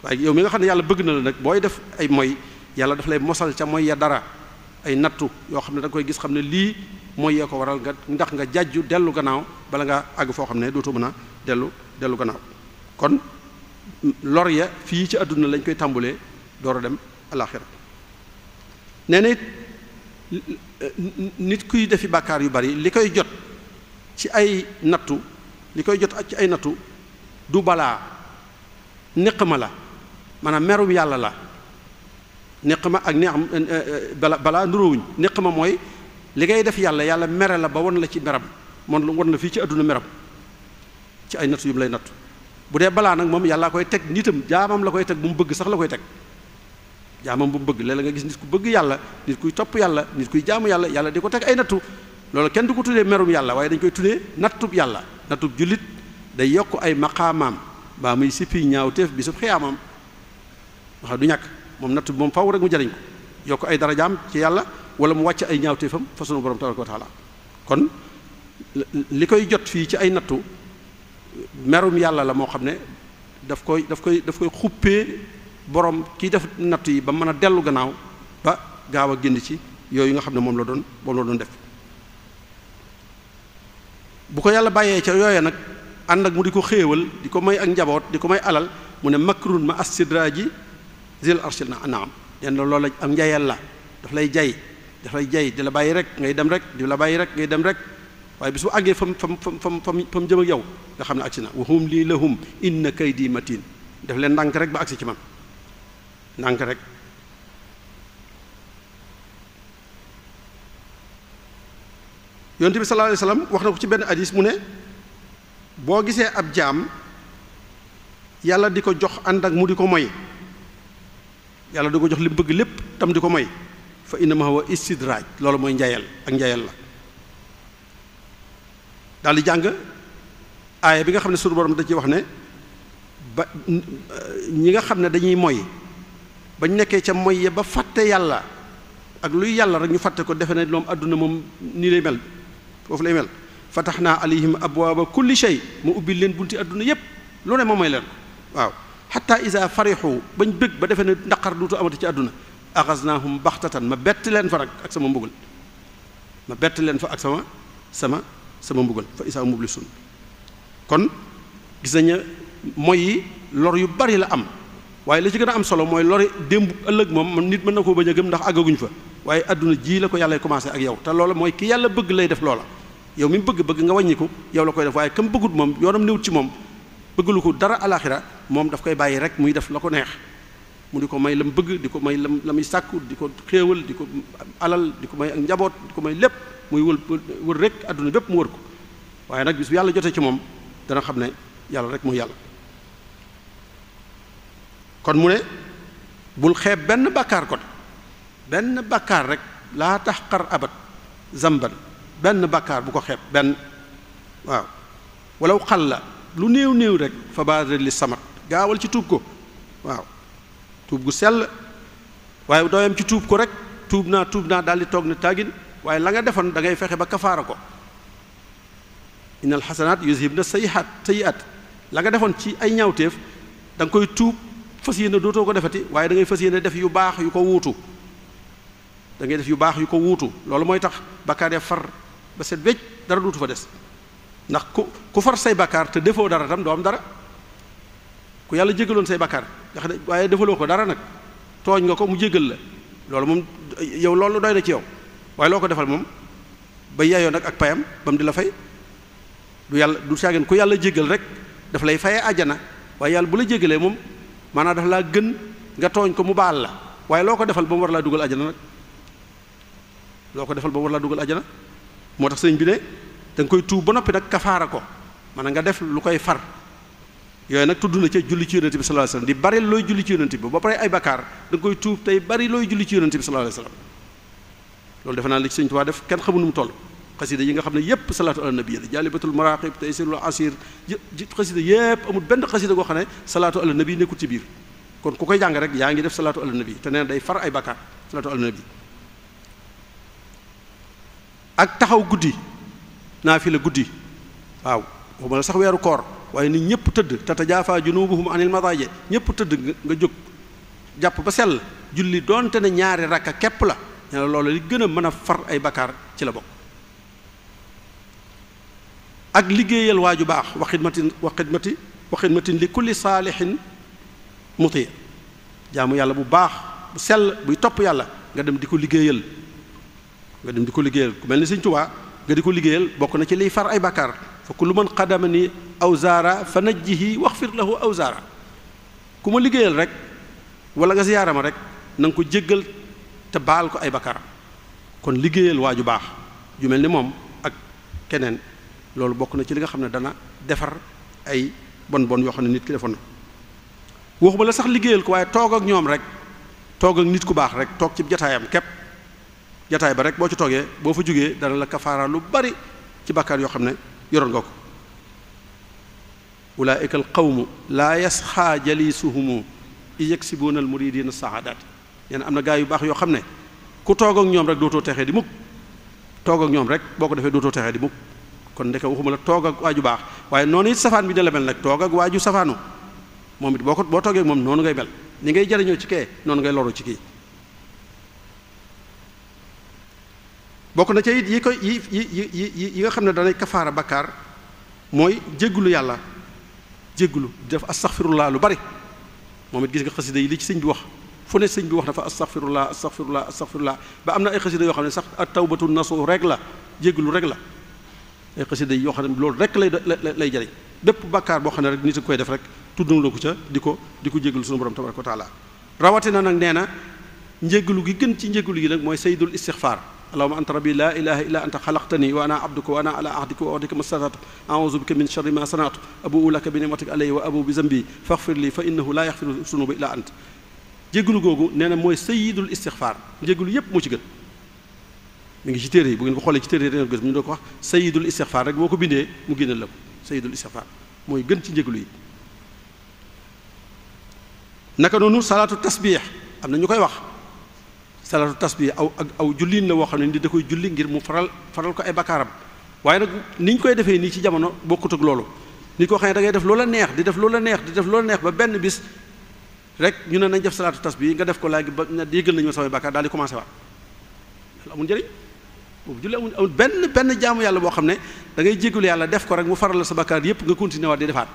waaye yow mi nga xam ne yàlla bëgg na la nag booy def ay moy yàlla daf lay mosal ca moy ya dara ay nattu yoo xam ne da koy gis xam ne lii mooy yee ko waral nga ndax nga jajju dellu gannaaw bala nga àgg foo xam ne dootu mën a dellu dellu gannaaw kon lor fii ci àdduna lañ koy tàmbulee door dem alaxira nee na it nit kuy defi bàkkaar yu bari li koy jot ci ay nattu li koy jot ci ay nattu du balaa niqma la maanaam merum yàlla la neq ma ak neex eh, eh, balaa nuróowuñ neq ma mooy li ngay def yàlla yàlla mere la ba won la ci meram mon won la fii ci àdduna meram ci ay nattu yu lay nattu bu dee balaa nag moom yàllaa koy teg nitam jaamam la koy teg bu mu bëgg sax la koy teg jaamam bu mu bëgg léeg-léeg nga gis nit ku bëgg yàlla nit kuy topp yàlla nit kuy jaamu yàlla yàlla di ko teg ay nattu loolu kenn du ko tuddee merum yàlla waaye dañ koy tuddee nattub yàlla nattub jullit day yokk ay maqaamaam baa muy ñaaw teef bi sub nga xam du ñàkk moom natt bi moom faw rek mu jariñ ko yokk ay darajaam ci yàlla wala mu wàcc ay ñaawteefam fa sunu borom tabaraka wa taala kon li koy jot fii ci ay nattu merum yàlla la moo xam ne daf koy daf koy daf koy xuppee borom kii def natt yi ba mën a dellu gannaaw ba gaaw a génn ci yooyu nga xam ne moom la doon moom doon def bu ko yàlla bàyyee ca yooya nag ànd ak mu di ko xéewal di ko may ak njaboot di ko may alal mu ne makrun ma ji zil arshil na naam den loolu la am njayal la daf lay jay daf lay jay di la bàyyi rek ngay dem rek di la bàyyi rek ngay dem rek waaye bis bu àggee fam fam fam fam fam jëm ak yow nga xam ne agsi na wahum lii lahum inna kaydi matin daf leen ndànk rek ba ci man rek yonte bi sallallahu wax na ko ci benn hadis mu ne boo gisee ab jaam yàlla di ko jox ànd ak mu di ko moy yàlla du ko jox li bëgg lépp tam di ko moy fa innama huwa istidraaj loolu mooy njaayal ak njaayal la daal di jàng aaya bi nga xam ne sunu borom da ci wax ne ba ñi nga xam ne dañuy moy bañ nekkee ca moy ya ba fàtte yàlla ak luy yàlla rek ñu fàtte ko defe ne loom àdduna moom nii lay mel foofu lay mel fatax naa alayhim abwaaba kulli shay mu ubbi leen bunti àdduna yépp lu ne ma moy leen waaw xatta isa farixu bañ bëgg ba defee ne ndaqar duutu amati ci àdduna naa axasnaahum baxtatan ma bett leen fa nag ak sama mbugal ma bett leen fa ak sama sama sama mbugal fa isaa mublisun kon gis nañu mooy yi lor yu bari la am waaye la ci gën a am solo mooy lori démb ëllëg moom nit mën na koo bañ a gëm ndax àggaguñ fa waaye àdduna jii la ko yàlla commencé ak yow te loola mooy ki yàlla bëgg lay def loola yow mi bëgg bëgg nga wàññiku yow la koy def waaye kam bëggut moom yoonam néwut ci moom bëggalu ko dara alaxira moom daf koy bàyyi rek muy def la ko neex mu di ko may lam bëgg di ko may lam la muy sàkku di ko xéewal di ko alal di ko may ak njaboot di ko may lépp muy wël rek àdduna bépp mu wër ko waaye nag bis bu yàlla jotee ci moom dana xam ne yàlla rek mooy yàlla kon mu ne bul xeeb benn bàkkaar kon benn bàkkaar rek laa tax xar abat zamban benn bàkkaar bu ko xeeb benn waaw walaw xal la lu néew néew rek fa baadar li samat gaawal ci tuub ko waaw tuub gu sell waaye dooyam ci tuub ko rek tuub naa tuub naa daal di toog ne tàggin waaye la nga defoon da ngay fexe ba kafaara ko innal xasanaat yuzhibna sayiat sayiat la nga defoon ci ay ñaawteef danga koy tuub fas yéene dootoo ko defeti waaye da ngay fas yéene def yu baax yu ko wuutu dangay def yu baax yu ko wuutu loolu mooy tax bakkaar ya far ba set wecc dara dootu fa des ndax ku ku far say bakkaar te defoo dara tam doo am dara ku yàlla jégaloon say bakkaar ndax xam waaye defaloo ko dara nag tooñ nga ko mu jégal la loolu moom yow loolu doy na ci yow waaye loo ko defal moom ba yaayoo nag ak payam ba mu di la fay du yàlla du caagin ku yàlla jégal rek daf lay fayee àjjana waaye yàlla bu la jégalee moom naa daf laa gën nga tooñ ko mu baal la waaye loo ko defal ba mu war laa dugal àjjana nag loo ko defal ba mu war laa dugal moo tax sëñ bi ne da koy tuub ba noppi nag kafaara ko na nga def lu koy far yooyu nag tudd na ca julli ci yonent bi sallallahu alayhi di bari looy julli ci yonent ba pare ay bakkaar koy tuub tey bari looy julli ci yonent bi sallallahu alayhi loolu defe naa li ci Sëñ def kenn xamul mu toll xasida yi nga xam ne yépp salaatu ala nabi la jaalibatul maraqib taysirul asir xasida yépp amul benn xasida goo xam ne salaatu ala nabi nekkul ci biir kon ku koy jàng rek yaa ngi def salaatu ala nabi te nee day far ay bakkaar salaatu ala nabi ak taxaw guddi naafila guddi waaw waxuma la sax weeru koor waaye nit ñëpp tëdd tata jaafaa junubuhum anil madaaje ñëpp tëdd nga jóg jàpp ba sell julli doonte ne ñaari rakka képp la ne la li gën a mën a far ay bakkaar ci la bokk ak liggéeyal waa ju baax wa xidmatin wa xidmati wa xidmatin li kulli saalihin muti jaamu yàlla bu baax bu sell buy topp yàlla nga dem di ko liggéeyal nga dem di ko liggéeyal ku mel ni Sëñ Tuubaa nga di ko liggéeyal bokk na ci liy far ay bàkkaar fa lu man ni aw zaara fa najjihi waxfir lahu aw zaara ku ma liggéeyal rek wala nga ziyaara ma rek nanga ko jéggal te baal ko ay bàkkaaram kon liggéeyal waa ju baax ju mel ni moom ak keneen loolu bokk na ci li nga xam ne dana defar ay bon bon yoo xam ne nit ki defoon na waxuma la sax liggéeyal ko waaye toog ak ñoom rek toog ak nit ku baax rek toog ci jataayam képp jataay ba rek boo ci toogee boo fa jógee dana la kafaara lu bari ci bàkkaar yoo xam ne yoroon nga ko ulaayika al qawmu laa yasxaa jalisuhumu yaksibuuna mu muridina saadat nee na am na gaa yu baax yoo xam ne ku toog ak ñoom rek dootoo texee di mukk toog ak ñoom rek boo ko defee dootoo texee di mukk kon ndeke waxuma la toog ak waaju baax waaye noonu it safaan bi ne la mel nag toogak ak waaju safaanu moom it boo ko boo toogee moom noonu ngay mel ni ngay jariñoo ci kee noonu ngay loru ci kii bokk na ca it yi koy yi yi yi nga xam ne danay kafaara bakkaar mooy jéggulu yàlla jéggulu def astaxfirullaa lu bari moom it gis nga xasida yi li ci sëñ bi wax fu ne sëñ bi wax dafa astaxfirullaa astaxfirullaa astaxfirullaa ba am na ay xasida yoo xam ne sax at tawbatu nasu rek la jéggulu rek la ay xasida yi yoo xam ne loolu rek lay lay jariñ dëpp bakkaar boo xam ne rek ni a koy def rek tudd ko ca di ko di ko jéggulu sunu borom tabaraka wa taala rawatina nag nee na njéggulu gi gën ci njéggulu yi nag mooy saydul istixfaar allahuma anta rabbi la ilaha illa anta xalaqtani wa ana abduka wa ana ala ahdika wa waadika mastatatu aouzu bika min charri ma sanaatu abuu laka bi nimatik alay wa abu bi zambi faxfir li fa innahu laa yaxfiru sunuba illa ant jéggulu googu nee na mooy sayidul istixfaar jéggulu yépp moo ci gën mu ngi ci téere yi bu ngeen ko xoolee ci téere yi dangeen ko gis mu doo ko wax sayidul istixfaar rek boo ko bindee mu génneel la ko sayidul istixfaar mooy gën ci njéglu yi naka noonu salaatu tasbiix am na ñu koy wax salaatu tasbi aw ak aw julliin la woo xam ne ni da koy julli ngir mu faral faral ko ay bakkaaram waaye nag ni ñu koy defee nii ci jamono bokkut ak loolu ni ko xam ne da ngay def loola neex di def loola neex di def loola neex ba benn bis rek ñu ne nañ def salaatu tas bii nga def ko léegi ba yëgal nañu ma samay bakkaar daal di commencé waat loolu amul njëriñ boobu julli amul amul benn benn jaamu yàlla boo xam ne da ngay jégalu yàlla def ko rek mu faral la sa bakkaar yépp nga continuer waat di defaat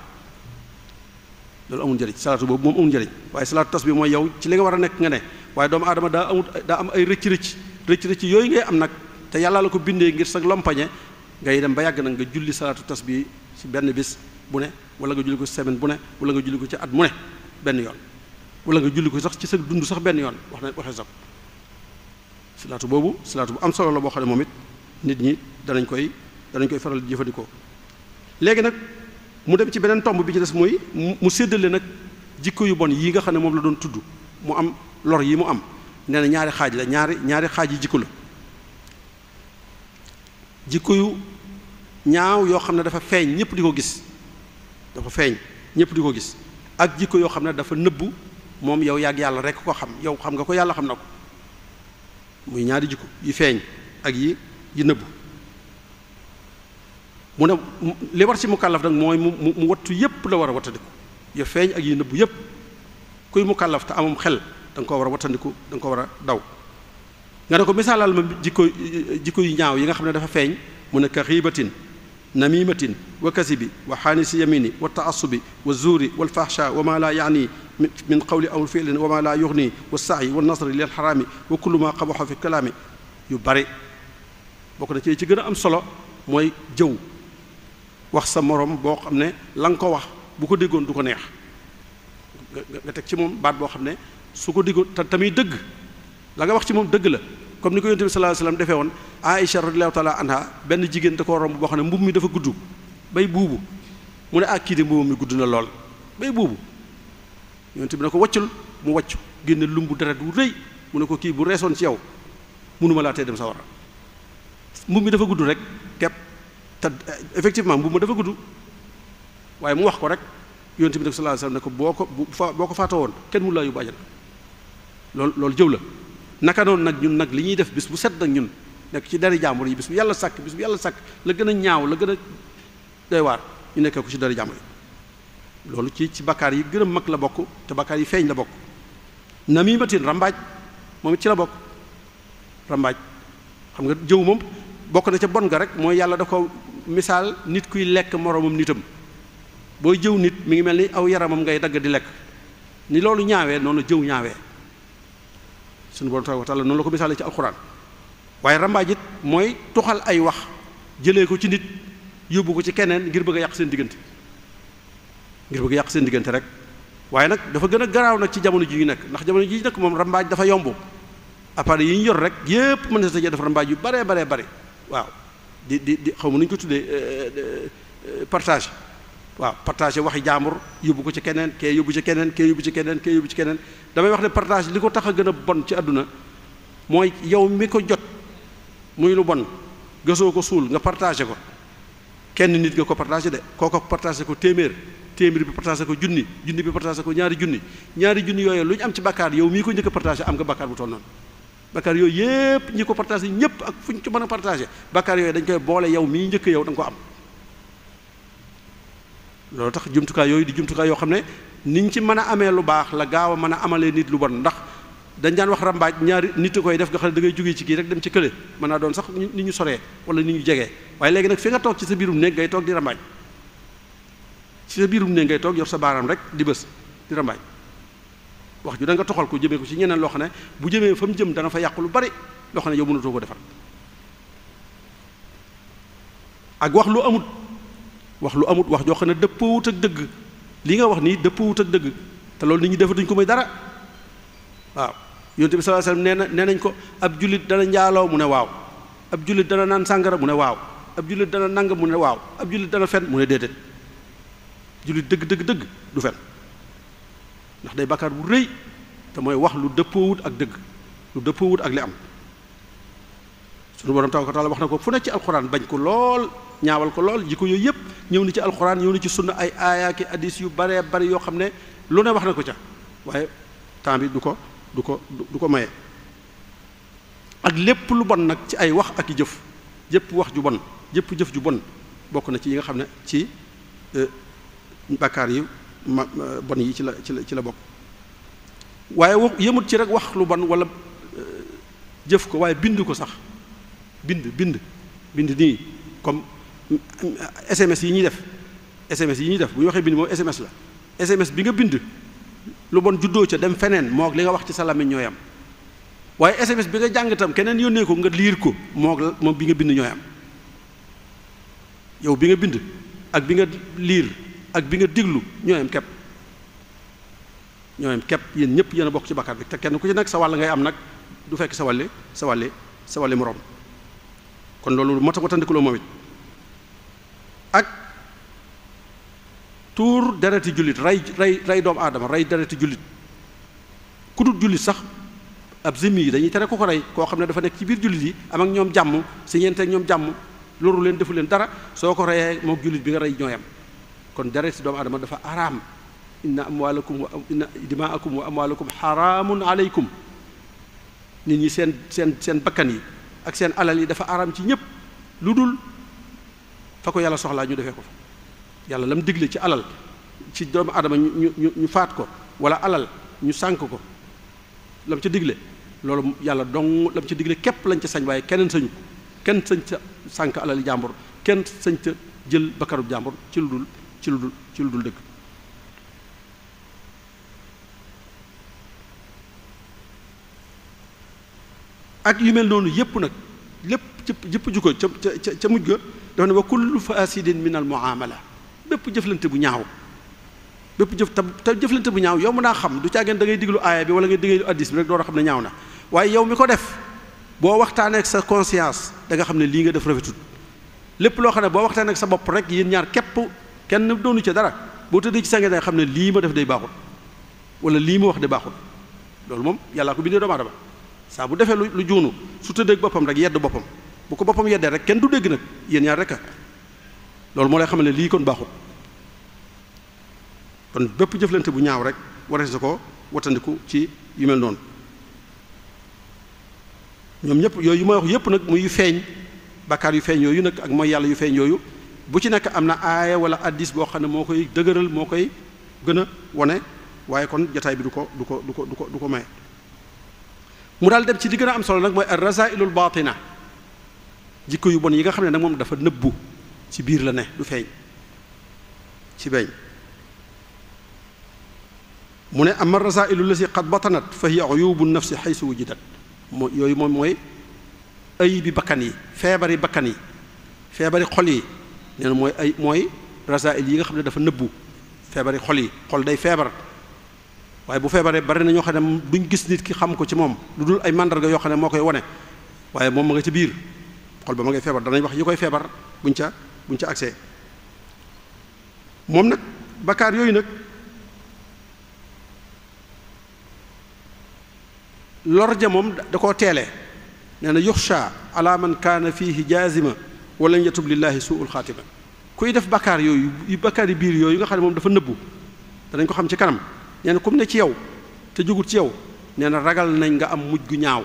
loolu amul njëriñ salaatu boobu moom amul njëriñ waaye salaatu tas bi mooy yow ci li nga war a nekk nga ne waaye doomu aadama daa amut daa am ay rëcc rëcc rëcc yooyu ngay am nag te yàlla la ko bindee ngir sag lompañe ngay dem ba yàgg nag nga julli salaatu tas bi ci benn bis bu ne wala nga julli ko semaine bu ne wala nga julli ko ci at benn yoon wala nga julli ko sax ci sa dund sax benn yoon wax na waxee sax salaatu boobu salaatu bu am solo la boo xam ne moom it nit ñi danañ koy danañ koy faral di jëfandikoo mu dem ci beneen tomb bi ci des mooy mu séddale nag jikko yu bon yi nga xam ne moom la doon tudd mu am lor yi mu am nee na ñaari xaaj la ñaari ñaari xaaj yi jikko la jikko yu ñaaw yoo xam ne dafa feeñ ñëpp di ko gis dafa feeñ ñëpp di ko gis ak jikko yoo xam ne dafa nëbbu moom yow yàgg yàlla rekk ko xam yow xam nga ko yàlla xam na ko muy ñaari jikko yu feeñ ak yi yi nëbbu mu ne li war ci mukallaf nag mooy mu mu wattu yépp la war a wattandiku ya feeñ ak yi nëbbu yépp kuy mukallaf te amum xel danga ko war a wattandiku da ko war a daw nga ne ko misaalal ma jikko jikko yu ñaaw yi nga xam ne dafa feeñ mu ne ka xiibatin namimatin wa kasibi wa xaanisi yamini wa taassubi wa zuuri wa alfahsha wa ma laa yaani min qawli aw fiilin wa ma laa yuxni wa saayi wa nasri lil xaraami wa kullu ma qabaxa fi kalaami yu bare bokk na ci gën a am solo mooy jëw wax sa morom boo xam ne la nga ko wax bu ko déggoon du ko neex nga teg ci moom baat boo xam ne su ko déggoon te tamit dëgg la nga wax ci moom dëgg la comme ni ko yonent bi sallallahu alayhi wasallam defee woon Aïcha radiyallahu taala anha benn jigéen da ko romb boo xam ne mbubb mi dafa gudd bay buubu mu ne ak ah, kii de mbubb mi gudd na lool bay buubu yonent bi ne ko waccul mu waccu génne lumbu deret wu rëy mu ne ko kii bu reesoon ci yow mënuma laa tee dem sa war a mbubb mi dafa gudd rek kepp te effectivement mbubb ma dafa gudd waaye mu wax ko rek yonent bi nag sallallahu alayhi wasallam ne ko boo ko boo ko faatoo woon kenn mënu laa yóbbu àjjana loolu loolu jëw la naka noonu nag ñun nag li ñuy def bis bu set nag ñun nekk ci dari jàmbur yi bis bu yàlla sàkk bis bu yàlla sàkk la gën a ñaaw la gën a doy waar ñu nekkee ko ci dari jàmbur yi loolu ci ci bakkaar yi gën a mag la bokk te bakkaar yi feeñ la bokk namimatin rambaaj moom it ci la bokk rambaaj xam nga jëw moom bokk na ca bon nga rek mooy yàlla da ko misaal nit kuy lekk moroomam nitam booy jëw nit mi ngi mel ni aw yaramam ngay dagg di lekk ni loolu ñaawee noonu jëw ñaawee suñu borom tabaaraka wa taala noonu la ko misaale ci alxuraan waaye rambaaj it mooy tuxal ay wax jële ko ci nit yóbbu ko ci keneen ngir bëgg a yàq seen diggante ngir bëgg a yàq seen diggante rek waaye nag dafa gën a garaaw nag ci jamono ji ñu nekk ndax jamono ji ñu nekk moom rambaaj dafa yomb appareil yi ñu yor rek yépp mën na sa cee def rambaaj yu baree baree bari waaw di di di xaw ma nu ñu ko tuddee euh, euh, euh, partage waaw partage waxi jaamur yóbbu ko ci keneen kee yóbbu ci keneen ke yóbbu ci keneen kee yóbbu ci keneen damay wax ne partage li ko tax a gën a bon ci àdduna mooy yow mi ko jot muy lu bon gësoo ko suul nga partage ko kenn nit nga ko partagé de kooko partagé ko téeméer téeméer bi partagé ko junni junni bi partagé ko ñaari junni ñaari junni yooyu lu ñu am ci bàkkaar yow mii ko njëkk a am nga bàkkaar bu toll noonu bakkaar yooyu yëpp ñi ko partagé ñëpp ak fu ñu ci mën a partagé bakkaar yooyu dañ koy boole yow mii njëkk yow da ko am loolu tax jumtukaay yooyu di jumtukaay yoo xam ne niñ ci mën a amee lu baax la gaaw a mën a amalee nit lu bon ndax dañ daan wax rambaaj ñaari nit koy def nga xam ne da jógee ci kii rek dem ci kële mën naa doon sax ni ñu soree wala ni ñu jege waaye léegi nag fi nga toog ci sa biirum néeg ngay toog di rambaaj ci sa biirum néeg ngay toog yor sa baaraam rek di bës di wax ju da nga toxal ko jëmee ko ci ñeneen loo xam ne bu jëmee fa jëm dana fa yàq lu bari loo xam ne yow mënatoo ko defar ak wax lu amut wax lu amut wax joo xam ne dëppoowut ak dëgg li nga wax nii dëppoowut ak dëgg te loolu nit ñi defatuñ ko muy dara waaw yonte bi sallallahu alayhi wasallam nee na nee nañ ko ab jullit dana njaaloo mu ne waaw ab jullit dana naan sàngara mu ne waaw ab jullit dana nang mu ne waaw ab jullit dana fen mu ne déedéet jullit dëgg dëgg dëgg du fen ndax day bakkaar bu rëy te mooy wax lu dëppoowut ak dëgg lu dëppoowut ak li am sunu borom taw ko taala wax na ko fu ne ci alxuraan bañ ko lool ñaawal ko lool jikko yooyu yëpp ñëw na ci alxuraan ñëw na ci sunna ay aayaaki addis yu baree bari yoo xam ne lu ne wax na ko ca waaye temps bi du ko du ko du ko maye ak lépp lu bon nag ci ay wax ak jëf jëpp wax ju bon yépp jëf ju bon bokk na ci yi nga xam ne ci euh, bàkkaar yi ma bon yi ci la ci la ci la bokk waaye wo yëmut ci rek wax lu bon wala euh, jëf ko waaye bind ko sax bind bind bind nii comme mm, SMS yi ñuy def SMS yi ñuy def bu ñu waxee bind moom SMS la SMS bi nga bind lu bon juddoo ca dem feneen moog li nga wax ci sa làmmiñ ñooy am waaye SMS bi nga jàng itam keneen yónnee ko nga liir ko moog moom bi nga bind ñooy am yow bi nga bind ak bi nga liir. ak bi nga diglu ñoo kepp képp ñoo yem képp yéen ñëpp yéen bokk ci bakkar bi te kenn ku ci nekk sa wàll ngay am nag du fekk sa wàlle sa wàlle sa wàlle moroom kon loolu moo tax watandikuloo moom it ak tuur dereti jullit rey rey doom aadama rey dereti jullit ku dul jullit sax ab zimmi yi dañuy tere ko ko rey koo xam ne dafa nekk ci biir jullit yi am ak ñoom jàmm si ñeente ñoom jàmm loru leen defu leen dara soo ko reyee mook jullit bi nga rey ñooyam kon deret si doomu adama dafa araam inna amwaalakum wa inna dimaakum wa amwaalakum xaraamun aleykum nit ñi seen seen seen bakkan yi ak seen alal yi dafa araam ci ñépp lu dul fa ko yàlla soxlaa ñu defee ko fa yàlla la mu digle ci alal ci doomu aadama ñu ñu ñu faat ko wala alal ñu sànk ko lam ca digle loolu yàlla dong lam ca digle képp lañ ca sañ waaye keneen sañu kenn sañ ca sànk alal jàmbur kenn sañ ca jël bakkarub jàmbur ci lu dul ci lu dul ci lu dul dëgg ak yu mel noonu yépp nag lépp cëpp jëpp jukko ca ca ca mujj ga dafa ne wa kullu fasidin min al muamala bépp jëflante bu ñaaw bépp jëf te jëflante bu ñaaw yow mën naa xam du caageen da ngay diglu aaya bi wala ngay diglu addis bi rek door a xam ne ñaaw na waaye yow mi ko def boo waxtaanee ak sa conscience da nga xam ne lii nga def rafetul lépp loo xam ne boo waxtaanee ak sa bopp rek yéen ñaar képp kenn doonu ca dara boo tëddee ci sange day xam ne lii ma def day baaxul wala lii ma wax de baaxut loolu moom yàllaa ko bindee doomu aadama saa bu defee lu lu juunu su tëddeeg boppam rek yedd boppam bu ko boppam yeddee rek kenn du dégg nag yéen ñaar rek a loolu moo lay xamal ne lii kon baaxul kon bépp jëflante bu ñaaw rek waree sa ko watandiku ci yu mel noonu ñoom ñëpp yooyu may wax yëpp nag muy feeñ bakkaar yu feeñ yooyu nag ak mooy yàlla yu feeñ yooyu bu ci nekk am na aaya wala addis boo xam ne moo koy dëgëral moo koy gën a wone waaye kon jataay bi du ko du ko du ko du ko du ko maye mu daal dem ci li gën a am solo nag mooy ar rasailul batina jikko yu bon yi nga xam ne nag moom dafa nëbbu ci biir la ne du feeñ ci beeñ mu ne ama rasailu lati qad batanat fa hiya uyubu nafsi xaysu wujidat moo yooyu moom mooy ay bi bakkan yi feebari bakkan yi feebari xol yi nee mooy ay mooy rasaayil yi nga xam ne dafa nëbbu feebari xol yi xol day feebar waaye bu feebaree bari na ñoo xam ne duñ gis nit ki xam ko ci moom lu dul ay mandarga yoo xam ne moo koy wane waaye moom ma nga ci biir xol ba ma ngay feebar danañ wax yi koy feebar buñ ca buñ ca agse moom nag bakkaar yooyu nag lor ja moom da koo teele nee na yuxsha ala man kaana fiihi jaazima walan yatub lillaahi suul xaatima kuy def bakkaar yooyu yu biir yooyu nga xam ne moom dafa nëbbu danañ ko xam ci kanam nee na ne ci yow te jógut ci yow nee na ragal nañ nga am mujj gu ñaaw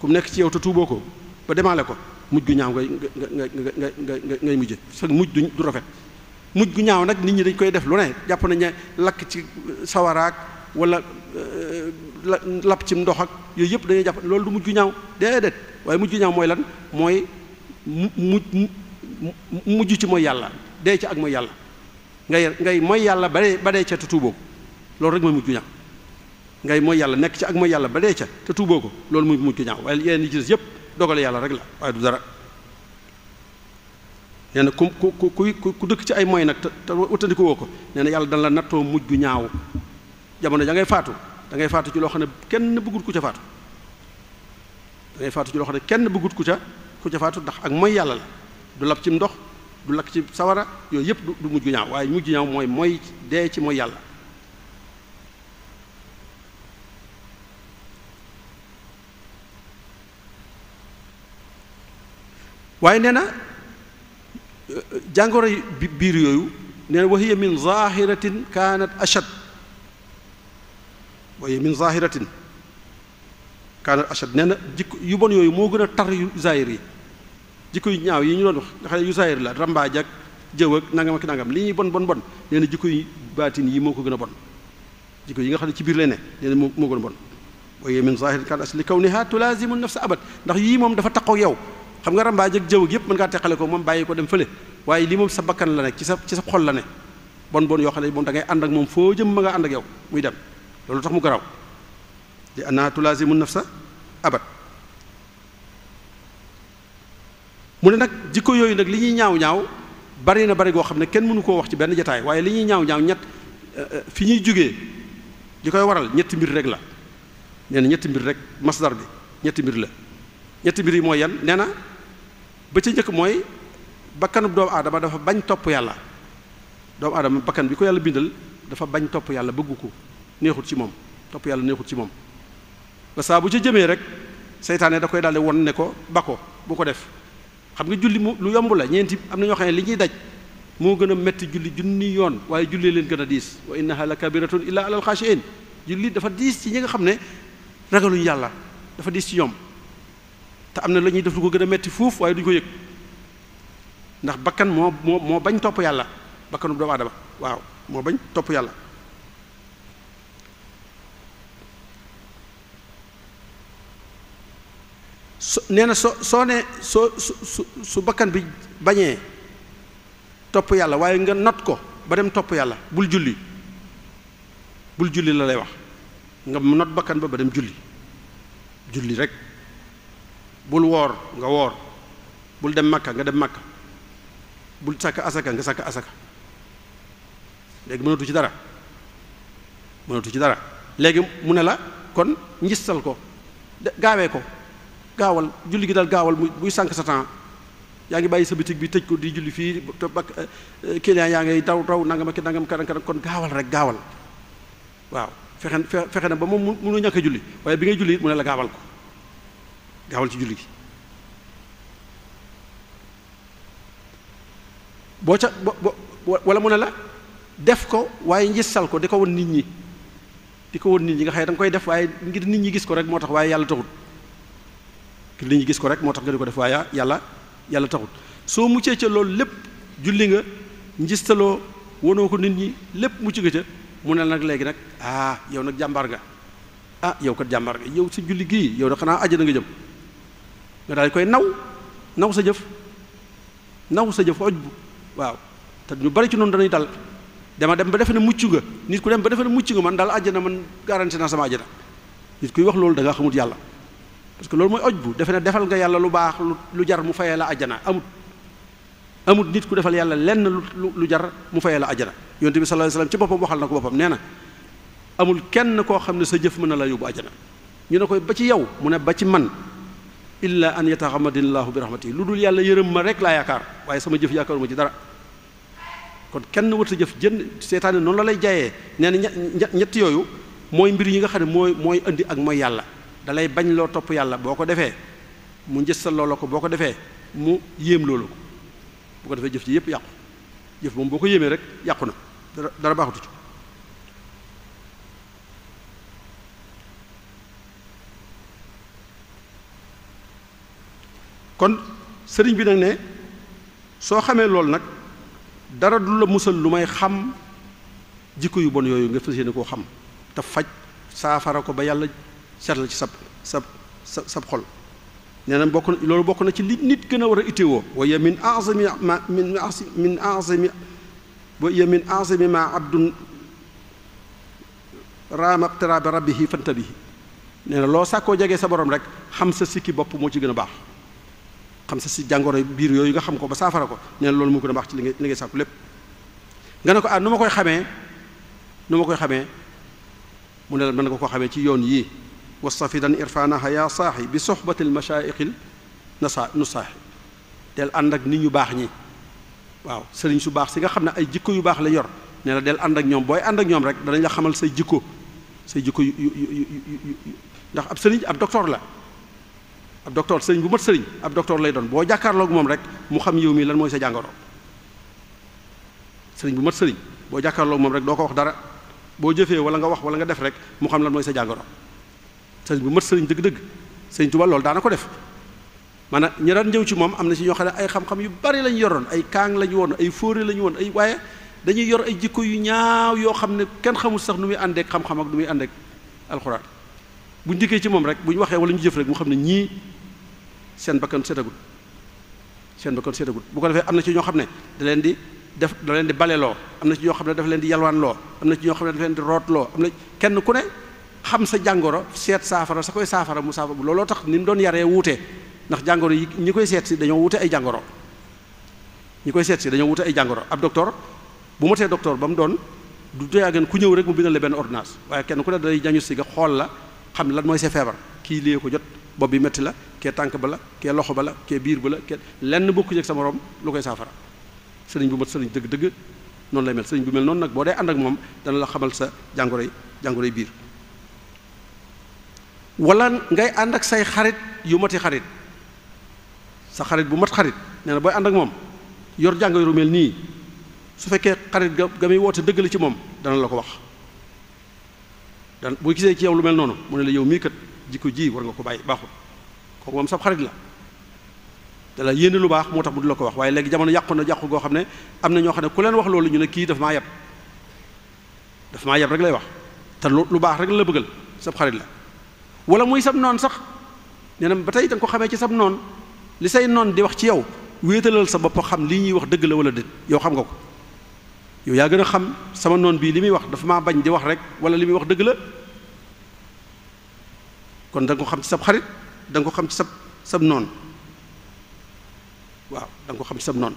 ku nekk ci yow te tuuboo ko ba demaale ko mujj gu ñaaw ngay ngay ngay ngay ngay mujje sa mujj du rafet mujj gu ñaaw nag nit ñi dañ koy def lu ne jàpp nañ lakk ci sawaraak wala euh, lap ci ndox ak yooyu yëpp dañuy jàpp loolu du mujj gu ñaaw déedéet. waaye mujj ñaaw mooy lan mooy mu mu mujj ci mooy yàlla dee ci ak mooy yàlla ngay ngay mooy yàlla ba dee ba dee ca te tuuboo ko loolu rek mooy mujj ñaaw ngay mooy yàlla nekk ci ak mooy yàlla ba ca te tuuboo ko loolu mooy mujj ñaaw waaye yeneen yi yëpp dogale yàlla rek la waaye du dara nee na ku ku ku ku dëkk ci ay mooy nag te te wutandi ko woo ko nee yàlla dana la nattoo mujj ñaaw jamono ja ngay faatu dangay ngay faatu ci loo xam ne kenn bëggul ku ca faatu dangay faatu ci loo kenn buggut ku ca ku ca faatu ndax ak mooy yàlla la du lab ci ndox du lakk ci sawara yooyu yëpp du mujj ñaaw waaye mujj ñaaw mooy mooy dee ci mooy yàlla waaye nee na jàngoro biir yooyu nee na wa hiya min zahiratin ashad wa hiya min kaana ashad nee na jikko yu bon yooyu moo gën a tar yu zaahir yi jikko yu ñaaw yi ñu doon wax nga xam ne yu zaahir la rambaaj ak jëw ak nangam ak nangam li ñuy bon bon bon nee na jikko yu baatin yi moo ko gën a bon jikko yi nga xam ne ci biir lay ne nee na moo moo gën a bon waaye min zaahir kaana ashad li kawniha tulaazimu nafsa abad ndax yii moom dafa taqoo yow xam nga rambaaj ak jëw ak yépp mën ngaa teqale ko moom bàyyi ko dem fële waaye lii moom sa bakkan la nekk ci sa ci sa xol la ne bon bon yoo xam ne moom da ngay ànd ak moom foo jëm ma nga ànd ak yow muy dem loolu tax mu garaw li annaha tulaazimu nafsa abad mu ne nag jikko yooyu nag li ñuy ñaaw ñaaw bari na bari goo xam ne kenn mënu koo wax ci benn jataay waaye li ñuy ñaaw ñaaw ñett eh, eh, fi ñuy jóge li koy waral ñetti mbir rek la nee ñetti mbir rek masdar bi ñetti mbir la ñetti mbir yi mooy yan nee na ba ca njëkk mooy bakkanu doomu aadama dafa bañ topp yàlla doomu aadama bakkan bi ko yàlla bindal dafa bañ topp yàlla bëggu ko neexut ci moom topp yàlla neexut ci moom nga bu ca jëmee rek seytaane da koy daldi won ne ko ba ko bu ko def xam nga julli mu lu yomb la ñeenti am na ñoo xam ne li ñuy daj moo gën a metti julli junni yoon waaye jullee leen gën a diis wa innaha la kabiratun illa alal xaashiin julli dafa diis ci ñi nga xam ne ragaluñu yàlla dafa diis ci ñoom te am na la ñuy def lu ko gën a metti fuuf waaye duñ ko yëg ndax bakkan moo moo moo bañ topp yàlla bakkanu doomu aadama waaw moo bañ topp yàlla so nee so soo soo soo su su bakkan bi bañee topp yàlla waaye nga not ko ba dem topp yàlla bul julli bul julli la lay wax nga not bakkan ba ba dem julli julli rek bul woor nga woor bul dem makka nga dem makka bul sàkk asaka nga sàkk asaka léegi mënatu ci dara mënatu ci dara léegi mu ne la kon njistal ko gaawee ko gaawal julli gi daal gaawal muy buy sànq sa temps yaa ngi bàyyi sa bitig bi tëj ko di julli fii te ba eh, client yaa ngay daw daw nangam ak nangam kanam kon gaawal rek gaawal waaw fexe fexe na ba moom mënu ñàkk a julli waaye bi ngay julli it mu ne la gaawal ko gaawal ci julli gi boo ca bo wala mu ne la def ko waaye sal ko di ko won nit ñi di ko won nit ñi nga xëy da koy def waaye ngir nit ñi gis ko rek moo tax waaye yàlla taxut li ñu gis ko rek moo tax nga di ko def waaye yàlla yàlla taxut soo muccee ca loolu lépp julli nga njistaloo wonoo ko nit ñi lépp mucc nga ca mu ne nag léegi nag ah yow nag jàmbaar nga ah yow ko jàmbar nga yow sa julli gii yow da xanaa àjjana nga jëm nga daal koy naw naw sa jëf naw sa jëf oj waaw te ñu bari ci noonu dañuy dal dama dem ba defe ne mucc nga nit ku dem ba defe ne mucc nga man daal àjjana man garanti naa sama àjjana nit kuy wax loolu da nga yàlla parce que loolu mooy oj bu defe ne defal nga yàlla lu baax lu jar mu fayee la ajana amut amut nit ku defal yàlla lenn lu lu jar mu fayee la ajjana yonte bi sallallahu alayhi wasallam ci boppam waxal na ko boppam nee na amul kenn koo xam ne sa jëf mën na la yóbbu ajjana ñu ne koy ba ci yow mu ne ba ci man illa an yataxamadinillahu bi rahmati lu dul yàlla yërëm ma rek laa yaakaar waaye sama jëf yaakaaruma ci dara kon kenn wërta jëf jën seetaane noonu la lay jaayee nee na ñett yooyu mooy mbir yi nga xam ne mooy mooy indi ak mooy yàlla dalay bañ loo topp yàlla boo ko defee mu njësal loola ko boo ko defee mu yéem loolu ko bu ko defee jëf ci yépp yàqu jëf moom boo ko yéemee rek yàqu na dara dara baaxatu ci kon sëriñ bi nag ne soo xamee loolu nag dara du la musal lu may xam jikko yu bon yooyu nga fas yéene koo xam te faj saafara ko ba yàlla seetal ci sab sab sa sab xol nee na bokk loolu bokk na ci li nit gën a war a itteewoo waaye min azami ma min min azami waaye min azami ma abdun raamabtara bi rabbihi fantabihi nee na loo sàkkoo jege sa borom rek xam sa sikki bopp moo ci gën a baax xam sa si jàngoro biir yooyu nga xam ko ba saafara ko nee na loolu moo gën a baax ci li ngay li ngay sàkku lépp nga ne ko ah nu ma koy xamee nu ma koy xamee mu ne la mën nga ko xamee ci yoon yii wastafidan irfanaha yaa saaxi bi soxbatil mashaaiqil nasa nu saaxi del ànd ak nit ñu baax ñi waaw sëriñ su baax si nga xam ne ay jikko yu baax la yor ne la del ànd ak ñoom booy ànd ak ñoom rek danañ la xamal say jikko say jikko yu ndax ab sëriñ ab docteur la ab docteur sëriñ bu mat sëriñ ab docteur lay doon boo jàkkaarloog moom rek mu xam yow mii lan mooy sa jàngoro sëriñ bu mat sëriñ boo jàkkaarloog moom rek doo ko wax dara boo jëfee wala nga wax wala nga def rek mu xam lan mooy sa jàngoro sëriñ bu mat sëriñ dëgg-dëgg sëriñ Tuubaa loolu daana ko def maanaam ñi daan ñëw ci moom am na ci ñoo xam ne ay xam-xam yu bari lañ yoroon ay kaang lañ woon ay fóore lañu woon ay waaye dañuy yor ay jikko yu ñaaw yoo xam ne kenn xamul sax nu muy àndeek xam-xam ak nu muy àndeek alxuraan bu ñu ci moom rek bu ñu waxee wala ñu jëf rek mu xam ne ñii seen bakkan seetagul seen bakkan seetagul bu ko defee am na ci ñoo xam ne da leen di def da leen di baleloo am na ci ñoo xam ne dafa leen di yalwaanloo am na ci xam ne dafa leen di am na kenn ku ne xam sa jàngoro seet saafara sa koy saafara mu saafara looloo tax ni mu doon yaree wuute ndax jàngoro yi ñi koy seet si dañoo wute ay jàngoro ñi koy seet dañoo wute ay jàngoro ab docteur bu matee docteur ba mu doon du doyaagan ku ñëw rek mu bindal la benn ordonnance waaye kenn ku ne day jañu si nga xool la xam lan mooy sa feebar kii lée ko jot bopp bi métti la kee tànk ba la kee loxo ba la kee biir ba la kee lenn bokkuñu ak sa moroom lu koy saafara sëriñ bu mat sëriñ dëgg-dëgg noonu lay mel sëriñ bu mel noonu nag boo dee ànd moom dana la xamal sa jàngoro yi jàngoro yi wala ngay ànd ak say xarit yu mati xarit sa xarit bu mat xarit nee na booy ànd ak moom yor jàngoro yu mel nii su fekkee xarit ga ga muy woote dëgg la ci moom dana la ko wax dan boo gisee ci yow lu mel noonu mu ne la yow mii kat jikko ji war nga ko bàyyi baaxul kooku moom sab xarit la dala yéene lu baax moo tax mu du la ko wax waaye léegi jamono yàqu na yàqu goo xam ne am na ñoo xam ne ku leen wax loolu ñu ne kii daf maa yab daf maa yab rek lay wax te lu baax rek la bëggal sab xarit la wala muy sab noon sax nee ba tey da nga ko xamee ci sab noon li say noon di wax ci yow wéetalal sa bopp xam li ñuy wax dëgg la wala déet yow xam nga ko yow yaa gën a xam sama noon bii li muy wax dafa maa bañ di wax rek wala li muy wax dëgg la kon da nga ko xam ci sab xarit da nga ko xam ci sab sab noon waaw da ko xam ci sab noon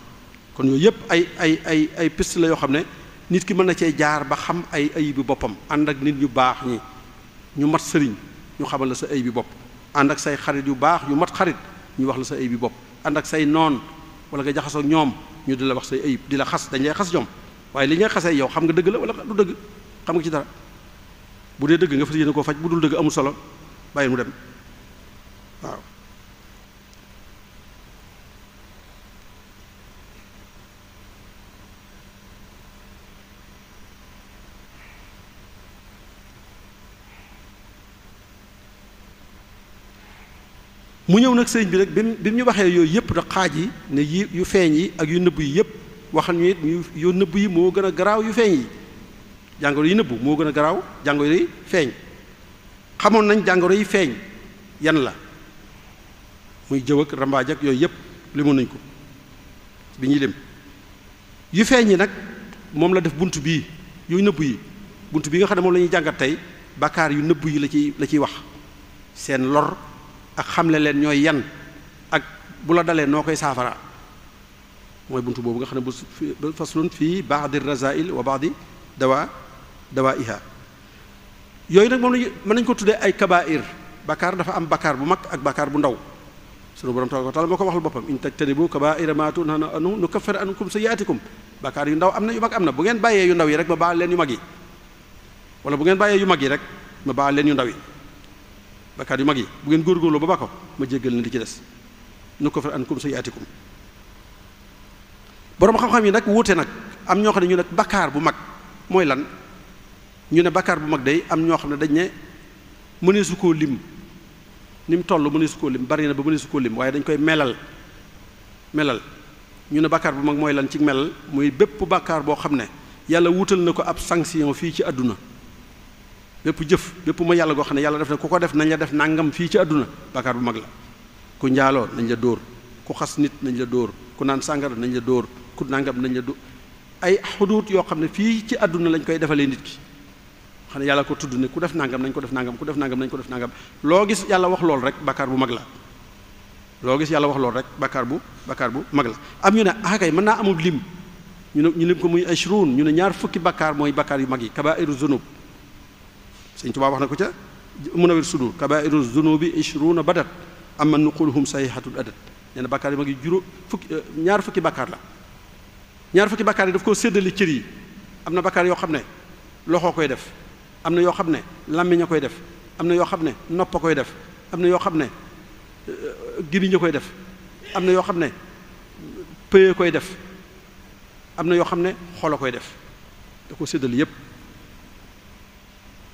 kon yooyu yëpp ay ay ay ay piste la yoo xam ne nit ki mën na cee jaar ba xam ay ayibu boppam ànd ak nit ñu baax ñi ñu mat sëriñ ñu xamal la sa ay bi bopp ànd ak say xarit yu baax yu mat xarit ñu wax la sa ay bi bopp ànd ak say noon wala nga jaxasoo ñoom ñu di la wax sa ayib di la xas dañ lay xas ñoom waaye li ñuy xasee yow xam nga dëgg la wala du dëgg xam nga ci dara bu dee dëgg nga fas yéene koo faj bu dul dëgg amul solo bàyyi mu dem mu ñëw nag sëñ bi rek bi mu ñu waxee yooyu yëpp da xaaj yi ne yi yu feeñ yi ak yu nëbb yi yëpp waxal ñu it yu nëbb yi moo gën a garaaw yu feeñ jàngoro yi nëbb moo gën garaaw jàngoro yi feeñ xamoon nañ jàngoro yi feeñ yan la muy jëw ak yooyu yëpp limoon nañ ko bi ñuy lim yu feeñ yi nag moom la def bunt bii yooyu nëbb yi bunt bi nga xam ne moom la ñuy jàngat tey bàkkaar yu nëbb yi la ciy la ciy wax seen lor ak xamle leen ñooy yan ak bu la dalee noo koy saafara mooy bunt boobu nga xam ne bu faslun fii baax baadi razail wa baadi dawaa dawaa iha yooyu nag moom lañu mën nañ ko tuddee ay kabair bakkaar dafa am bakkaar bu mag ak bakkaar bu ndaw sunu borom tabaraka wa taala moo ko waxal boppam in tajtanibu kabaira ma tunhawna anhu nukaffir ankum sayyi'atikum bakkaar yu ndaw am na yu mag am na bu ngeen bàyyee yu ndaw yi rek ma baal leen yu mag yi wala bu ngeen bàyyee yu mag yi rek ma baax leen yu ndaw yi bakkaar yu mag yi bu ngeen góorgóorloo ba ba ko ma jéggal na li ci des nu ko fir an kum sa yaatikum boroom xam-xam yi nag wuute nag am ñoo xam ne ñu ne bakkaar bu mag mooy lan ñu ne bakkaar bu mag day am ñoo xam ne dañ mëneesu koo lim ni mu toll mëneesu koo lim bari na ba mëneesu koo lim waaye dañ koy melal melal ñu ne bakkaar bu mag mooy lan ci melal muy bépp bakkaar boo xam ne yàlla wutal na ko ab sanction fii ci àdduna bépp jëf bépp ma yàlla goo xam ne yàlla def ne ku ko def nañ la def nangam fii ci àdduna bàkkaar bu mag la ku njaaloo nañ la dóor ku xas nit nañ la dóor ku naan sàngara nañ la dóor ku nangam nañ la ay xuduut yoo xam ne fii ci àdduna lañ koy defalee nit ki xam ne yàlla ko tudd ne ku def nangam nañ ko def nangam ku def nangam nañ ko def nangam loo gis yàlla wax lool rek bàkkaar bu mag la loo gis yàlla wax lool rek bàkkaar bu bàkkaar bu mag la am ñu ne ah kay mën naa amul lim ñu ne ñu lim ko muy ashruun ñu ne ñaar fukki bàkkaar mooy bàkkaar yu mag yi kabairu zunub sëñ Tuubaa wax na ko ca Munawwir Sudur kabairu zunubi ishruuna badat amma nuquluhum sayhatul adat nee na bàkkaar yi ma ngi juróom fukki eh, ñaar fukki bàkkaar la ñaar fukki bàkkaar yi daf koo séddale cër yi am na bàkkaar yoo xam ne loxoo koy def am na yoo xam ne làmmiñ a koy def am na yoo xam ne nopp a koy def am na yoo xam ne eh, gimiñ a koy def am na yoo xam ne pëye koy def am na yoo xam ne xol a koy def da ko séddale yépp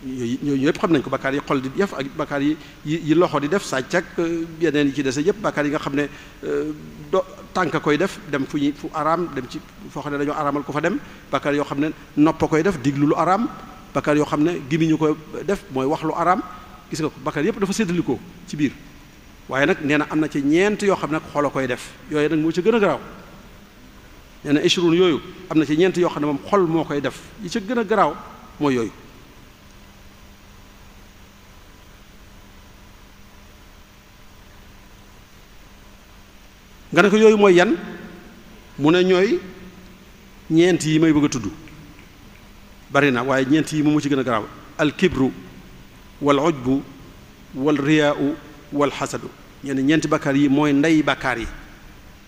yooyu yooyu yëpp xam nañ ko bakkaar yi xol di def ak bakkaar yi yi loxo di def sàcc ak euh, yeneen yi ci dese yëpp bakkaar yi nga xam ne euh, do tànk koy def dem fu ñuy fu araam dem ci foo xam ne dañoo araamal ko fa dem bakkaar yoo xam ne nopp koy def diglu lu araam bakkaar yoo xam ne gimiñu ko def mooy wax lu araam gis nga ko bakkaar yëpp dafa séddalikoo ci biir waaye nag nee na am na ci ñeent yoo xam ne xol a koy def yooyu nag moo ci gën a garaaw nee na ishrun yooyu am na ci ñeent yoo xam ne moom xol moo koy def yi ci gën a garaaw mooy yooyu nga ne ko yooyu mooy yan mu ne ñooy ñeent yi may bëgg a tudd bari na waaye ñeent yi mu ci gën a garaaw alkibru wal ujbu wal riyaau wal xasadu ñenn ñeenti bakkaar yi mooy ndey bakkaar yi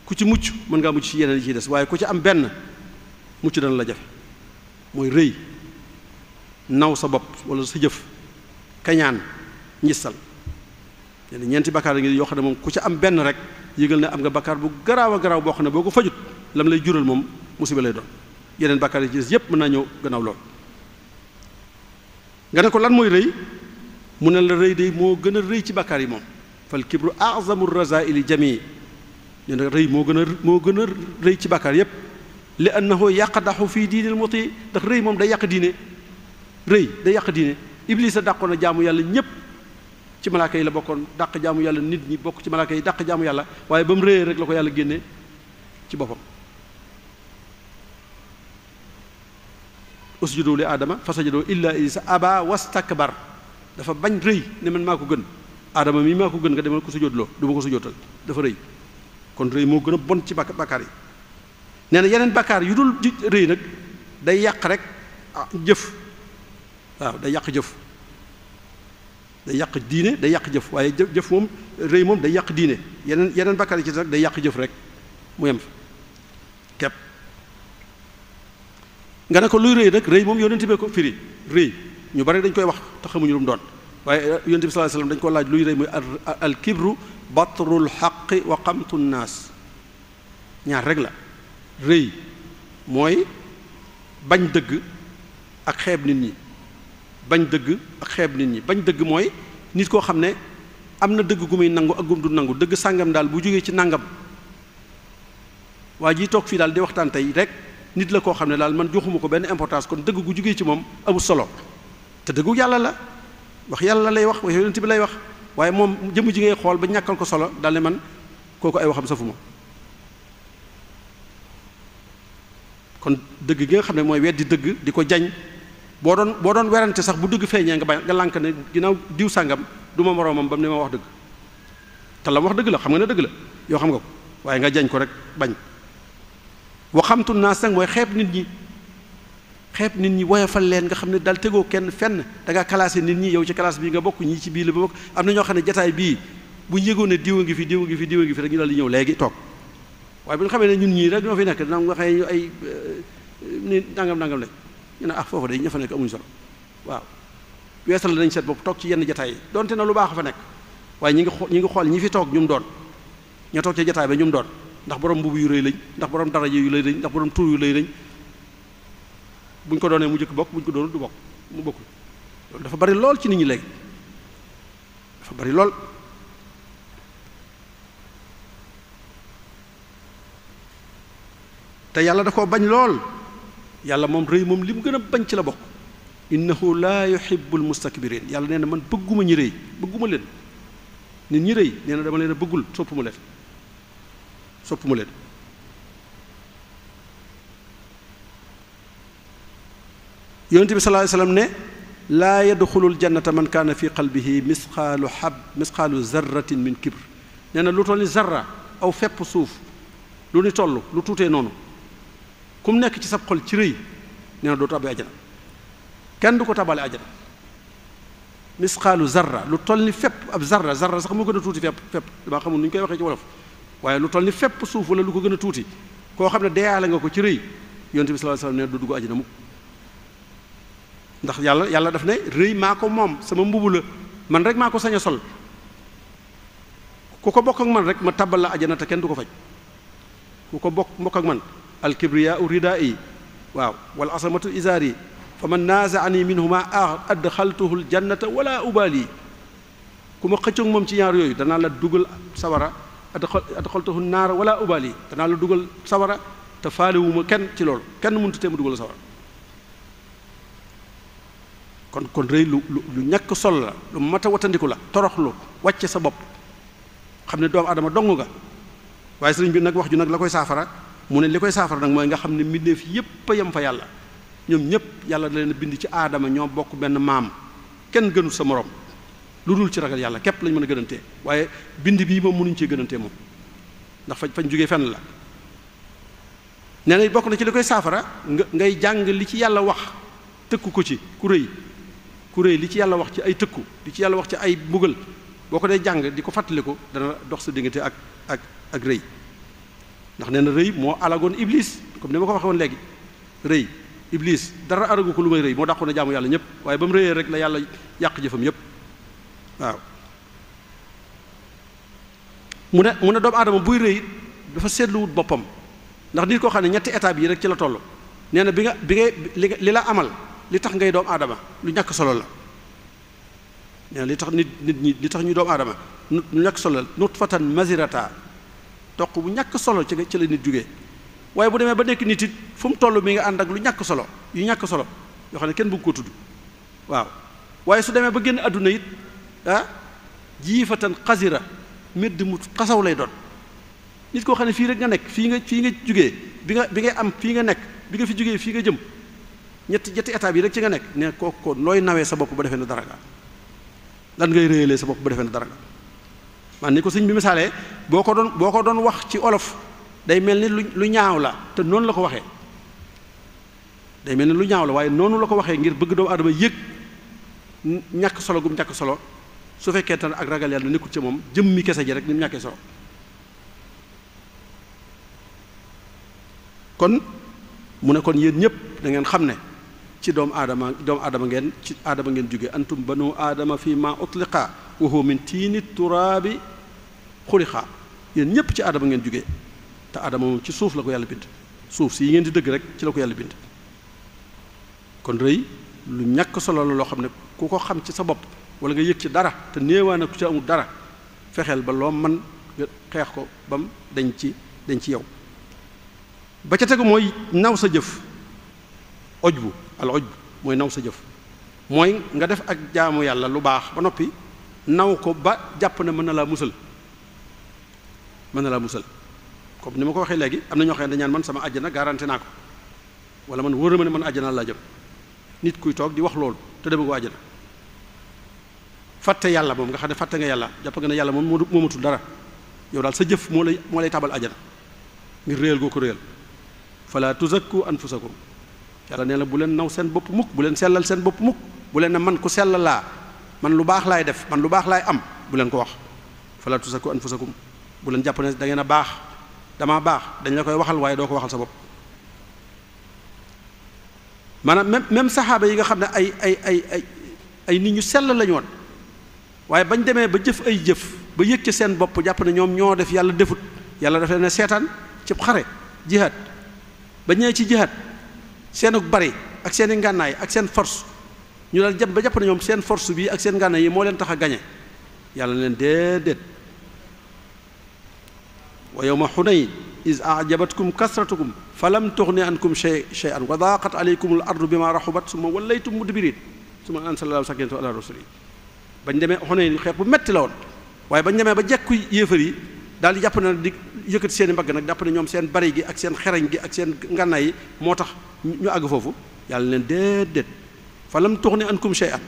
ku ci mucc mën ngaa mucc ci yeneen yi ciy des waaye ku ci am benn mucc dana la jafe mooy rëy naw sa bopp wala sa jëf kañaan ngistal ñenn ñeenti bakkaar yi yoo xam ne moom ku ci am benn rek yëgal ne am nga bakkaar bu garaaw garaw boo xam ne boo ko fajut lam lay jural moom musiba lay doon yeneen bakkaar yi ci des mën naa ñëw gannaaw lool ko lan mooy rëy mu ne la rëy day moo gën a rëy ci bakkaar yi moom fal kibru azamu razaili jamii ñu ne rëy moo gën a moo gën a rëy ci bakkaar yépp li an na yàq yaqdaxu fii diinil muti ndax rëy moom day yàq diine rëy day yàq diine iblisa dàqoon a jaamu yàlla ñépp ci malaaka yi la bokkoon dàq jaamu yàlla nit ñi bokk ci malaaka yi dàq jaamu yàlla waaye ba mu réyee rek la ko yàlla génne ci boppam usjudu li aadama fasajadoo illa isa aba wastakbar dafa bañ rëy ne man maa ko gën aadama mii maa ko gën nga demal ko sujjóotloo du ma ko sujjóotal dafa rëy kon rëy moo gën a bon ci bàkkaar yi nee na yeneen bakkaar yu dul rëy nag day yàq rek ah, jëf waaw day yàq jëf day yàq diine day yàq jëf waaye jëf jëf moom rëy moom day yàq diine yeneen yeneen bakkaar yi ci day yàq jëf rek mu yem kepp nga ne ko luy rëy rek rëy moom yonent bi ko firi rëy ñu bari dañ koy wax te xamuñu doon waaye eh, yonent bi sallallahu alayhi dañ ko laaj luy rëy muy al kibru batrul xaqi wa qamtu naas ñaar rek la rëy mooy bañ dëgg ak xeeb nit ñi bañ dëgg ak xeeb nit ñi bañ dëgg mooy nit koo xam ne am na dëgg gu muy nangu ak gum du nangu dëgg sàngam daal bu jógee ci nàngam waa ji toog fii daal di waxtaan tey rek nit la koo xam ne daal man joxuma ko benn importance kon dëgg gu jógee ci moom amul solo te dëggu yàlla la wax yàlla lay wax wax yonent bi lay wax waaye moom jëmm ji ngay xool ba ñàkkal ko solo daal man kooku ay waxam safuma kon dëgg gi nga xam ne mooy weddi dëgg di ko jañ boo doon boo doon werante sax bu dugg feeñee nga ba nga lànk ne ginnaaw diw sàngam du ma moroomam ba mu ne ma wax dëgg te la wax dëgg la xam nga ne dëgg la yoo xam nga ko nga jañ ko rek bañ waxamtu naa sax mooy xeeb nit ñi xeeb nit ñi woyofal leen nga xam ne dal tegoo kenn fenn da ngaa nit ñi yow ci classe bii nga bokk ñi ci biir la ba bokk am na ñoo xam ne jataay bii bu ñu yëgoon ne diw ngi fi diwa ngi fi diw ngi fi rek ñu dal di ñëw léegi toog waaye bu ñu xamee ne ñun ñii rek ñoo fi nekk dinañ waxee ay euh, nangam nangam lañ ñu ne ah foofu day ña fa nekk amuñu solo waaw weesal nañ set bopp toog ci yenn jataay yi donte na lu baax a fa nekk waaye ñi ngi ñi ngi xool ñi fi toog ñu mu doon ña toog ci jataay ba ñu doon ndax boroom mbubu yu rëy lañ ndax borom daraja yu rëy lañ ndax borom tur yu rëy lañ bu ñu ko doonee mu jëkk bokk bu ñu ko doonul du bokk mu bokkul dafa bari lool ci nit ñi lekk dafa bari lool te yàlla da koo bañ lool yàlla moom rëy moom li mu gën a bañ ci la bokk innahu laa yuhibbul mustakbirin yàlla nee na man bëgguma ñi rëy bëgguma leen nit ñi rëy nee dama leen bëggul sopp mu leen sopp leen yonente bi sallallahu alayhi wasallam ne laa yadxulul jannata man kaana fi qalbihi misqaalu xab misqaalu zarratin min kibr nee na lu toll ni zarra aw fepp suuf lu ni toll lu tuutee noonu ku mu nekk ci sab xol ci rëy nee na doo tàbbi ajana kenn du ko tabale ajana misqaalu zarra lu tol ni fépp ab zarra zarra sax moo gën a tuuti fépp fépp damaa xamul nu ñu koy waxee ci wolof waaye lu toll ni fépp suuf wala lu ko gën a tuuti koo xam ne deyaale nga ko ci rëy yonte bi sallallahu nee na du dugg ajana mukk ndax yàlla yàlla def na rëy maa ko moom sama mbubu la man rek maa ko sañ sol ku ko bokk ak man rek ma tabal la ajana te kenn du ko faj ku ko bokk mbokk ak man alkibriyaa u ridaa yi waaw wal asamatu isaar yi fa man naazaani minhuma ah, adxaltuhu aljannata wala ubaali ku ma xëccoog moom ci ñaar yooyu danaa la dugal sawara adxaltuhu naara wala ubaali danaa la dugal sawara te faalewuma kenn ci loolu kenn mënut te ma dugal sawara kon kon rëy lu lu ñàkk sol la lu mat a watandiku la toroxlu wàcce sa bopp xam ne doomu aadama dong nga waaye sëriñ bi nag wax ju nag la koy saafara mu ne li koy saafara nag mooy nga xam ne mbindeef yépp a yem fa yàlla ñoom ñëpp yàlla da leen bind ci aadama ñoo bokk benn maam kenn gënul sa moroom lu dul ci ragal yàlla képp lañ mën a gënantee waaye bind bii moom mënuñ cee gënantee moom ndax fa fañ jógee fenn la nee na bokk na ci li koy saafara nga ngay jàng li ci yàlla wax tëkku ko ci ku rëy ku rëy li ci yàlla wax ci ay tëkku li ci yàlla wax ci ay mbugal boo ko dee jàng di ko ko dana dox sa diggante ak ak ak ndax nee na rëy moo alagoon iblis comme ni ma ko waxee woon rëy ibliis dara aragu ko lu may rëy moo dàqoon a jaamu yàlla ñëpp waaye ba mu rëyee rek la yàlla yàq jëfam yëpp waaw mu ne mu ne doomu aadama buy rëy dafa seetluwut boppam ndax nit koo xam ne ñetti étape yi rek ci la toll nee na bi nga bi ngay li la amal li tax ngay doomu aadama lu ñàkk solo la nee li tax nit nit ñi li tax ñuy doomu aadama lu ñàkk solo la nutfatan mazirata toq bu ñàkk solo ci ci la nit jógee waaye bu demee ba nekk nit it fu mu mi nga ànd ak lu ñàkk solo yu ñàkk solo yoo xam ne kenn bugg koo tudd waaw waaye su demee ba génn àdduna it ah jiifatan xasira medd mu xasaw lay doon nit koo xam ne fii rek nga nekk fii nga fii nga jógee bi nga bi ngay am fii nga nekk bi nga fi jógee fii nga jëm ñetti ñetti étape yi rek ci nga nekk ne kooku ko looy nawee sa bopp ba defee ne dara nga lan ngay réyalee sa bopp ba defee ne dara nga man ni ko sëñ bi misaalee boo ko doon boo ko doon wax ci olof day mel ni lu ñaaw la te noonu la ko waxee day mel ni lu ñaaw la waaye noonu la ko waxee ngir bëgg doomu adama yëg ñàkk solo gum ñàkk solo su fekkee tan ak ragal yàlla nekkul ci moom jëmmi kese ji rek ni mu ñàkkee solo kon mu ne kon yéen ñëpp da ngeen xam ne ci doomu aadama doomu aadama ngeen ci aadama ngeen jóge antum banu aadama fii ma utliqa wa huwa min tiini turaabi xuliqa yéen ñépp ci aadama ngeen jóge te aadama moom ci suuf la ko yàlla bind suuf si yi ngeen di dëgg rek ci la ko yàlla bind kon rëy lu ñàkk solo la loo xam ne ku ko xam ci sa bopp wala nga yëg ci dara te néewaa na ku ci amul dara fexeel ba loo man nga xeex ko bam dañ ci dañ ci yow ba ca tegu mooy naw sa jëf oj bu al ujb mooy naw sa jëf mooy nga def ak jaamu yàlla lu baax ba noppi naw ko ba jàpp ne mën na laa musal mën na laa musal comme ni ma ko waxee léegi am na ñoo xam ne dañaan man sama àjjana garanti naa ko wala man wóor na ma ne man àjjana laa jëm nit kuy toog di wax loolu te dema ko àjjana fàtte yàlla moom nga xam ne fàtte nga yàlla jàpp nga ne yàlla moom moo matul dara yow daal sa jëf moo lay moo lay tabal àjjana ngir réyal goo ko réyal fala tuzakku anfusakum yàlla nee na bu leen naw seen bopp mukk bu leen sellal seen bopp mukk bu leen ne man ku sell laa man lu baax laay def man lu baax laay am bu leen ko wax fala tusaku anfusakum bu leen jàpp ne da ngeen a baax damaa baax dañ la koy waxal waaye doo ko waxal sa bopp maanaam même même saxaaba yi nga xam ne ay ay ay ay nit ñu sell lañu woon waaye bañ demee ba jëf ay jëf ba yëg ca seen bopp jàpp ne ñoom ñoo def yàlla defut yàlla daf leen seetaan cib xare jihaad ba ci jihaad seenuk bari ak seen i ngànnaay ak seen force ñu daal jàpp ba jàpp na ñoom seen force bii ak seen ngànnaay yi moo leen tax a gañe yàlla leen déedéet wa yowma xunayn is ajabatkum kasratukum falam tuxni ankum shay shay'an wa daaqat aleykum al ardu bima raxubat suma wallaytum mudbirin suma ansalallahu sakinatu ala rasuli bañ demee xunayn xeex bu metti la woon waaye bañ demee ba jekk yéefar yi daal di jàpp na di yëkkati seen i mbagg nag jàpp ne ñoom seen bari gi ak seen xerañ gi ak seen ngannaay yi moo tax ñu àgg foofu yàlla leen déedéet fa lam tuxni ankum shay'an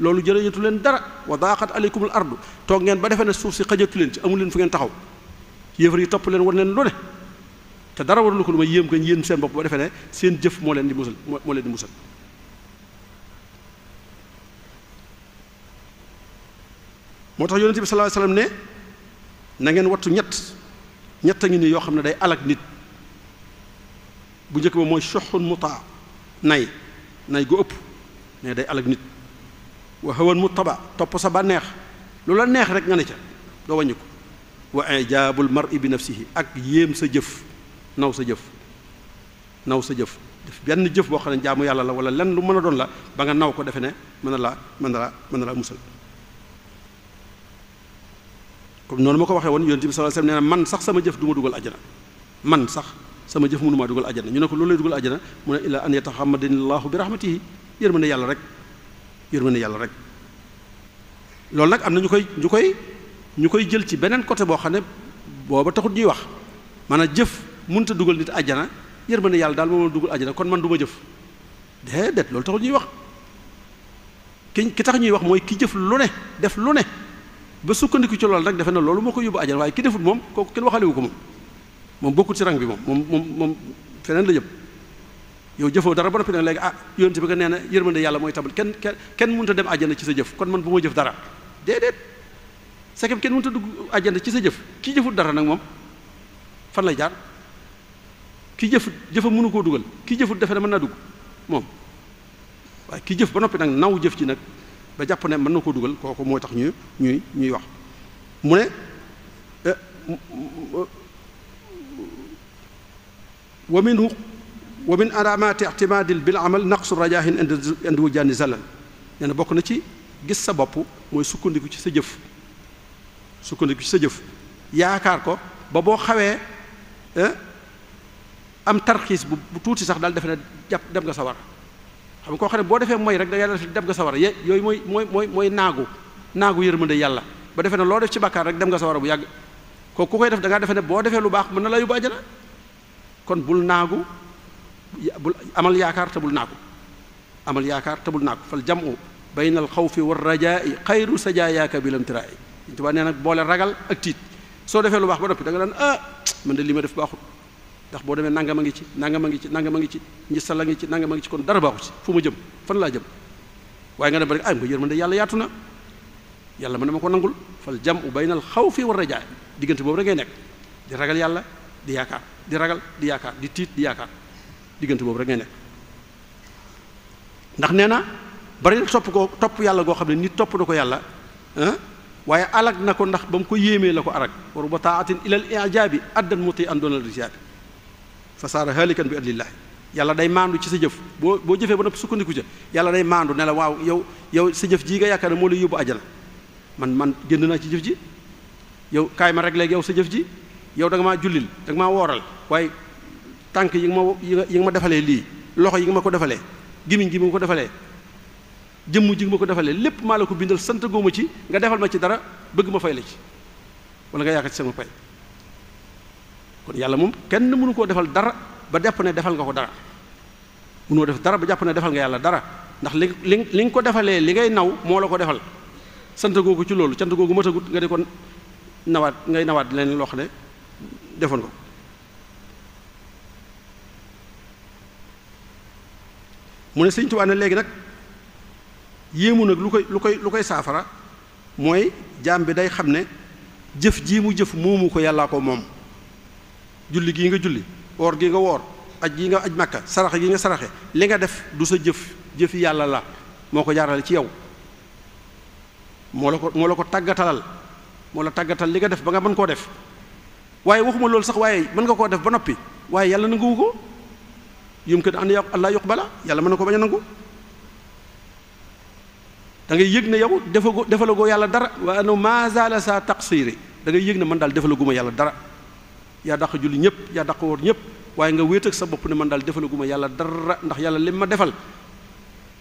loolu jërëjëtu leen dara wa daaqat aleykumul ardu toog ngeen ba defee ne suuf si xajatu leen ci amul leen fu ngeen taxaw yéefar yi topp leen war leen lu ne te dara waralu ko lu may yéem ko yéen seen bopp ba defee ne seen jëf moo leen di musal moo leen di musal moo tax yonente bi sallallahu alayhi wasallam ne na ngeen wattu ñett ñett a ngi nii yoo xam ne day alak nit bu njëkk ba mooy soxun taa nay nay gu ëpp ne day alak nit wa mu taba topp sa banneex lu la neex rek nga ne ca doo wàññi ko wa ijaabul mari bi nafsihi ak yéem sa jëf naw sa jëf naw sa jëf def benn jëf boo xam ne jaamu yàlla la wala lenn lu mën a doon la ba nga naw ko defe ne mën na laa mën na mën na laa musal comme noonu ma ko waxee woon yonent bi sallallahu alayhi wasallam man sax sama jëf du ma dugal ajjana man sax sama jëf mënumaa dugal ajjana ñu ne ko loolu lay dugal ajjana mu ne illa an yataxammadanillahu bi rahmatihi yërmande yàlla rek yërmande yàlla rek loolu nag am na ñu koy ñu koy ñu koy jël ci beneen côté boo xam ne booba taxut ñuy wax a jëf mënta dugal nit ajjana yërmande yàlla daal moom la dugal ajjana kon man du ma jëf déedéet loolu taxut ñuy wax ki ki tax ñuy wax mooy ki jëf lu ne def lu ne ba sukkandiku ci loolu rek defe na loolu moo ko yóbbu ajjana waaye ki defut moom kooku kenn waxalewu ko moom moom bokkul ci rang bi moom moom moom moom feneen la jëm yow jëfoo dara ba noppi nag léegi ah yonent bi nga nee na yërmande yàlla mooy tabal kenn kenn kenn mënut a dem ajjana ci sa jëf kon man bu ma jëf dara déedéet kenn mënut a dugg ajjana ci sa jëf kii jëfut dara nag moom fan lay jaar ki jëf jëfa mënu koo dugal ki jëfut defe mën naa dugg moom waaye ki jëf ba noppi nag naw jëf ci nag ba jàpp ne mën na koo dugal kooku moo tax ñuy ñuy ñuy wax mu ne eh, wa minhu wa min alamati ictimadil bil amal naqsu rajahin indi wujaani zalal nee na bokk na ci gis sa bopp mooy sukkandiku ci sa jëf sukkandiku ci sa jëf yaakaar ko ba boo xawee eh, am tarxiis bu tuuti sax daal defe ne jàpp dem nga sa war xam nga koo xam ne boo defee mooy rek da yàlla def nga sawara ye yooyu mooy mooy mooy mooy naagu naagu yërmande yàlla ba defe ne loo def ci bàkkaar rek dem nga sawara bu yàgg kooku ku koy def danga ngaa ne boo defee lu baax mën na la yóbbu àjjana kon bul naagu bul amal yaakaar te bul naagu amal yaakaar te bul naagu fal jamu bayna al xawfi wa rajaai xayru sajaayaaka bi lam tiraai Sëñ Tuubaa nee nag boole ragal ak tiit soo defee lu baax ba noppi da nga daan ah man de li ma def baaxul ndax boo demee nangam a ngi ci nangam a ngi ci nangam a ngi ci ngistal a ci nangam a kon dara baaxu ci fu ma fan laa jëm waaye nga dem ba rek ay ma yërmande yàlla yaatu na na ma ko nangul fal jam u baynal xawfi war rajaa diggante boobu rek nekk di ragal yàlla di yaakaar di ragal di yaakaar di tiit yaakaar diggante boobu rek ngay nekk nee na bari na topp ko topp yàlla goo xam ne nit topp na ko yàlla ah, waaye alag na ko ndax ba mu ko yéemee la ko arag waru ba taatin ilal ijaabi addan muti an doonal rijaabi fa saara haalikan bi adlillahi yàlla day maandu ci sa jëf boo boo jëfee ba noppi sukkandiku ca yàlla day maandu ne la waaw yow yow sa jëf jii nga yaakaar ne moo lay yóbbu ajana man man génn naa ci jëf ji yow kaay ma rek léegi yow sa jëf ji yow da nga maa jullil da maa wooral waaye tànk yi nga ma yi nga ma defalee lii loxo yi nga ma ko defalee gimiñ gi ma ko defalee jëmm ji nga ma ko defalee lépp maa la ko bindal sant góoma ci nga defal ma ci dara bëgg fay la ci wala nga yaakaar sama pay kon yàlla moom kenn mënu koo defal dara ba jàpp ne defal nga ko dara mënoo def dara ba jàpp ne defal nga yàlla dara ndax li li li nga ko defalee li ngay naw moo la ko defal sant googu ci loolu sant googu matagut nga de ko nawaat ngay nawaat leen loo ne defoon ko mu ne sëñ Tuubaa ne léegi nag yéemu nag lu koy lu koy lu koy saafara mooy jaam bi day xam ne jëf jii mu jëf moomu ko yàllaa ko moom julli gii nga julli woor gi nga woor aj gi nga aj makka saraxe gi nga saraxe li nga def du sa jëf jëfi yàlla la moo ko jaarale ci yow moo la ko moo la ko tàggatalal moo la tàggatal li nga def ba nga mën koo def waaye waxuma loolu sax waaye mën nga koo def ba noppi waaye yàlla nanguwu ko na yumkin an allah yuqbala yàlla mën na ko bañ a nangu da yëg ne yow defagoo defalagoo yàlla dara wa ana ma sa taqsiri dangay ngay yëg ne man daal defalaguma yàlla dara yaa daq julli ñëpp yaa daq woor ñëpp waaye nga wéet sa bopp ne man daal defalaguma yàlla dara ndax yàlla lim ma defal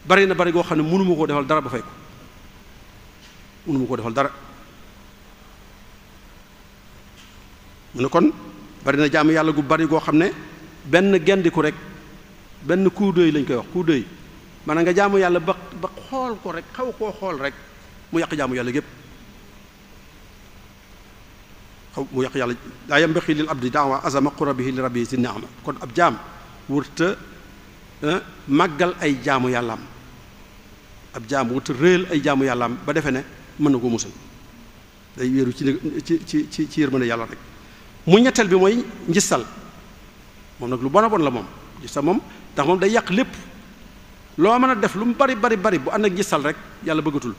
bari na bari goo xam ne mënuma koo defal dara ba fay ko mënuma koo defal dara mu ne kon bari na jaamu yàlla gu bari goo xam ne benn gendiku rek benn coup lañ koy wax coup d'œil maanaam nga jaamu yàlla ba ba xool ko rek xaw koo xool rek mu yàq jaamu yàlla gépp xaw mu yàq yàlla daa yambaxi lil abdi daawa azama qurabihi li rabbihi si naama kon ab jaam wërta màggal ay jaamu yàllaam ab jaam wërta réel ay jaamu ba defe ne mën na ko musal day wéeru ci ci ci ci yërmande yàlla rek mu ñetteel bi mooy njissal moom nag lu bon a la moom njissal moom ndax moom day yàq lépp loo mën a def lu mu bari bari bari bu ànd ak rek yàlla bëggatul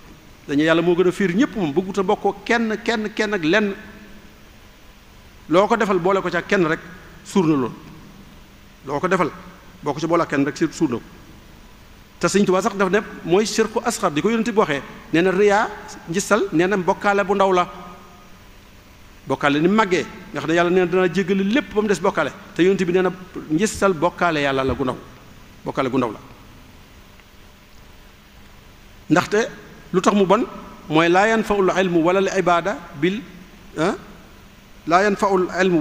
dañu moo gën a fiir ñëpp moom bëggut a bokkoo kenn kenn kenn ak lenn loo ko defal boole ko ca kenn rek suur na loolu loo ko defal boo ko ci boole ak kenn rek suur na ko te Sëñ Tuubaa sax daf ne mooy sirku asxar di ko yonent bi waxee nee na riyaa ngistal nee na bokkaale bu ndaw la bokkaale ni màggee nga ne yàlla nee na dana lépp ba des bokkaale te yonent bi nee na ngistal bokkaale yàlla la gu ndaw bokkaale gu ndaw la ndaxte lu tax mu bon mooy laa yanfaul ilmu wala al ibada bil ah, laa yanfaul ilmu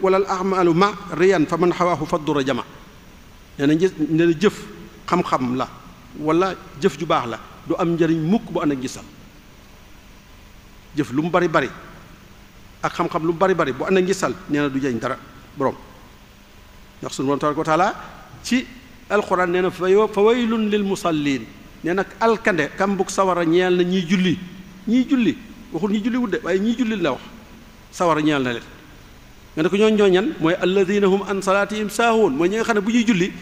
wala al amalu ma riyan fa man xawaahu faddura jama nee jëf xam-xam la wala jëf ju baax la du am njëriñ mukk bu ànd ak ngistal jëf lu mu bari bari ak xam-xam lu mu bari bari bu am na ngistal nee du jëriñ dara borom ndax sunu borom tabaraka wa taala ci alquran nee na fa waylun lil musallin nee na alkande kambug sawara ñeel na ñiy julli ñiy julli waxul ñiy julli wudde waaye ñiy julli la wax sawara ñeel na leen nga ne ko ñooñ ñoo ñan mooy alladina hum an salaatihim saahoon mooy ñi nga xam ne bu ñuy julli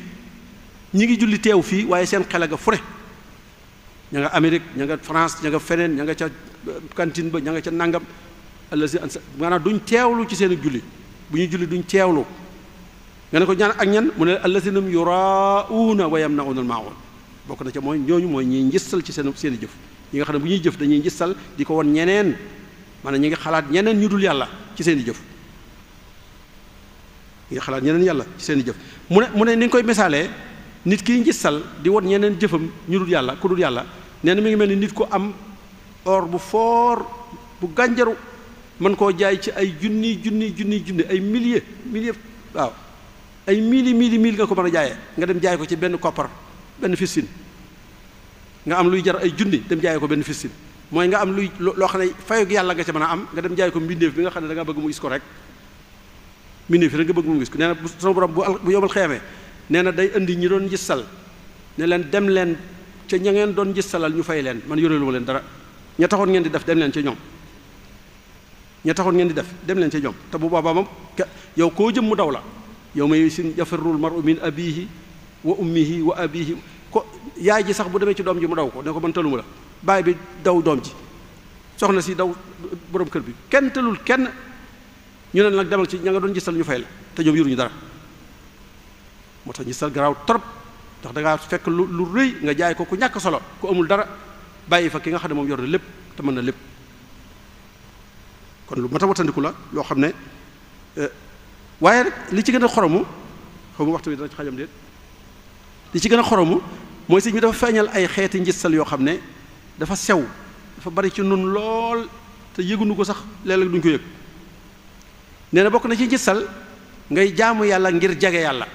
ñi ngi julli teew fii waaye seen xel a nga fure ña nga Amérique ña nga France ña nga feneen ña ca euh, cantine ba ña nga ca nangam alladina maanaam duñ teewlu ci seen julli bu ñuy julli duñ teewlu nga ne ko ñaan ak ñan mu ne alladina hum yuraauuna wa yamnauna al maawun bokk na ca mooy ñooñu mooy ñiy njësal ci seen seen i jëf ñi nga xam ne bu ñuy jëf dañuy njësal di ko won ñeneen maanaam ñi ngi xalaat ñeneen ñu dul yàlla ci seen i jëf ñi ngi xalaat ñeneen yàlla ci seen jëf mu ne mu ne ni nga koy misaalee nit ki njissal di won ñeneen jëfam ñu dul yàlla ku dul yàlla nee na mi ngi mel ni nit ku am or bu foor bu gànjaru mën koo jaay ci ay junni junni junni junni ay milliers milliers waaw ay mille mille mille nga ko mën a jaayee nga dem jaay ko ci benn koppar benn fistin nga am luy jar ay junni dem jaayee ko benn fistin mooy nga am luy loo xam ne fayog yàlla nga ca mën a am nga dem jaay ko mbindeef bi nga xam ne da nga bëgg mu gis ko rek mbindeef bi rek nga bëgg mu gis ko nee na sama borom bu bu yomal xeemee nee na day indi ñi doon gisal ne leen dem leen ca ña ngeen doon gisalal ñu fay leen man yorelu ma leen dara ña taxoon ngeen di dem leen ca ñoom ña taxoon ngeen di def dem leen ca ñoom te bu boobaa moom yow koo jëm mu daw la yow may sin yafirrul mar'u min abihi wa ummihi wa abihi ko yaay ji sax bu demee ci doom ji mu daw ko ne ko man tëlu ma la baay bi daw doom ji soxna si daw borom kër bi kenn tëlul kenn ñu ne nag demal ci ña nga doon sal ñu fay la te ñoom yoruñu dara moo tax gisal garaaw trop ndax da ngaa fekk lu lu rëy nga jaay ko ku ñàkk solo ku amul dara bàyyi fa ki nga xam ne moom yor na lépp te mën na lépp kon lu mat a watandiku la loo xam ne euh, waaye rek li ci gën a xoromu xaw ma waxtu bi dana ci xajam déet li ci gën a xoromu mooy sëñ bi dafa feeñal ay xeeti njissal yoo xam ne dafa sew dafa bari ci nun lool te yëgunu ko sax léeg-léeg duñ ko yëg nee na bokk na ci njissal ngay jaamu yàlla ngir jege yàlla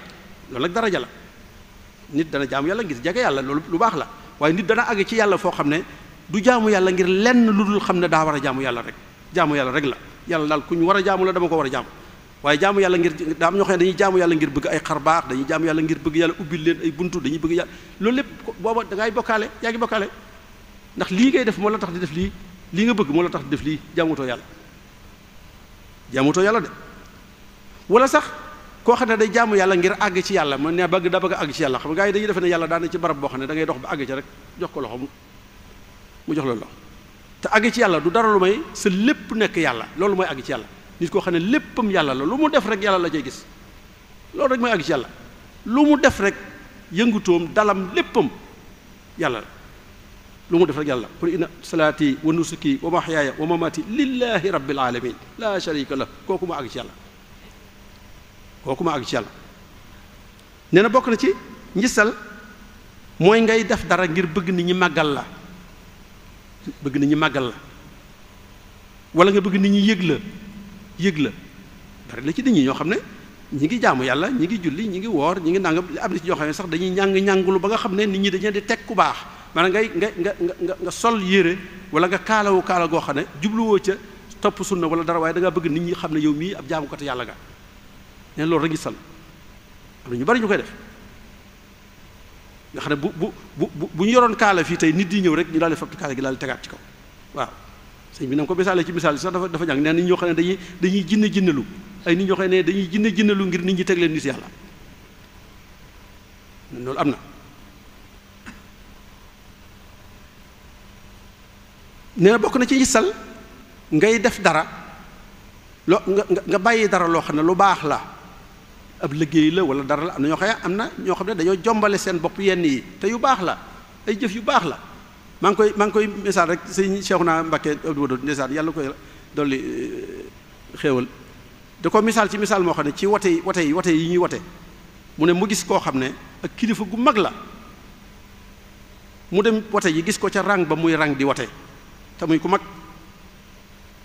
loolu nag daraja la nit dana jaamu yàlla ngir jege yàlla loolu lu baax la waaye nit ci yàlla foo xam ne du yàlla ngir lenn lu dul xam ne daa war a jaamu yàlla rek jaamu yàlla rek la yàlla daal ku war a jaamu la dama ko war a jaamu waaye jaamu yàlla ngir daa am ñoo xam ne dañuy jaamu yàlla ngir bëgg ay xar baax dañuy jaamu yàlla ngir bëgg yàlla ubbil leen ay buntu dañuy bëgg yàlla loolu lépp booba da ngay bokkaale yaa ngi bokkaale ndax lii ngay def moo la tax di def lii lii nga bëgg moo la tax di def lii jaamutoo yàlla jaamutoo yàlla de wala sax koo xam ne day jaamu yàlla ngir àgg ci yàlla man ne bëgg da bëgg àgg ci xam nga yi dañuy defe ne daana ci barab boo xam ne da ngay dox àgg ci rek jox ko loxo mu jox la loxo te àgg ci yàlla du dara lu may sa lépp nekk yàlla loolu mooy àgg ci yàlla nit koo xam ne léppam yàlla la lu mu def rek yàlla la cay gis loolu rek mooy àgg ci yàlla lu mu def rek yëngutoom dalam léppam yàlla la lu mu def rek yàlla qul inna salaati wa nusuki wa mahyaaya wa mamaati lillahi rabbil alamin laa sharika la kooku ma àgg ci kooku ma àgg ci yàlla nee na bokk na ci njisal mooy ngay def dara ngir bëgg nit ñi màggal la bëgg nit ñi màggal la wala nga bëgg nit ñi yëg la yëg la bari na ci nit ñi ñoo xam ne ñi ngi jaamu yàlla ñi ngi julli ñi ngi woor ñi ngi nangam am na ci ñoo xam ne sax dañuy ñàng ñàngulu ba nga xam ne nit ñi dañu di teg ku baax maanaam ngay nga nga nga sol yére wala nga kaalawu kaala goo xam ne jubluwoo ca topp na wala dara waaye danga bëgg nit ñi xam ne yow mii ab jaamukatu yàlla nga nee loolu rek gisal am na ñu bari ñu koy def nga xam ne bu bu bu ñu yoroon kaala fii tey nit di ñëw rek ñu daal di fab kaala tegaat ci kaw bi na ko misaale ci misaal sax dafa dafa ñàng nee nit ñoo xam ne dañuy dañuy jinne jinnalu ay nit ñoo xam ne dañuy jinne jinnalu ngir nit ñi teg leen nit yàlla loolu am na nee na bokk na ci gisal ngay def dara loo nga nga bàyyi dara loo xam ne lu baax la ab liggéey la wala dara la am na ñoo xam ne am na ñoo xam ne dañoo jombale seen bopp yenn yi te yu baax la ay jëf yu baax la maa ngi koy maa ngi koy misaal rek sëñ Cheikhouna Mbacké Abdou Wadoud ndeysaan yàlla koy dolli euh, xéewal da ko misaal ci misaal moo xam ne ci wote yi wote yi wote yi ñuy wote mu ne mu gis koo xam ne ak kilifa gu mag la mu dem wote yi gis ko ca rang ba muy rang di wote te muy ku mag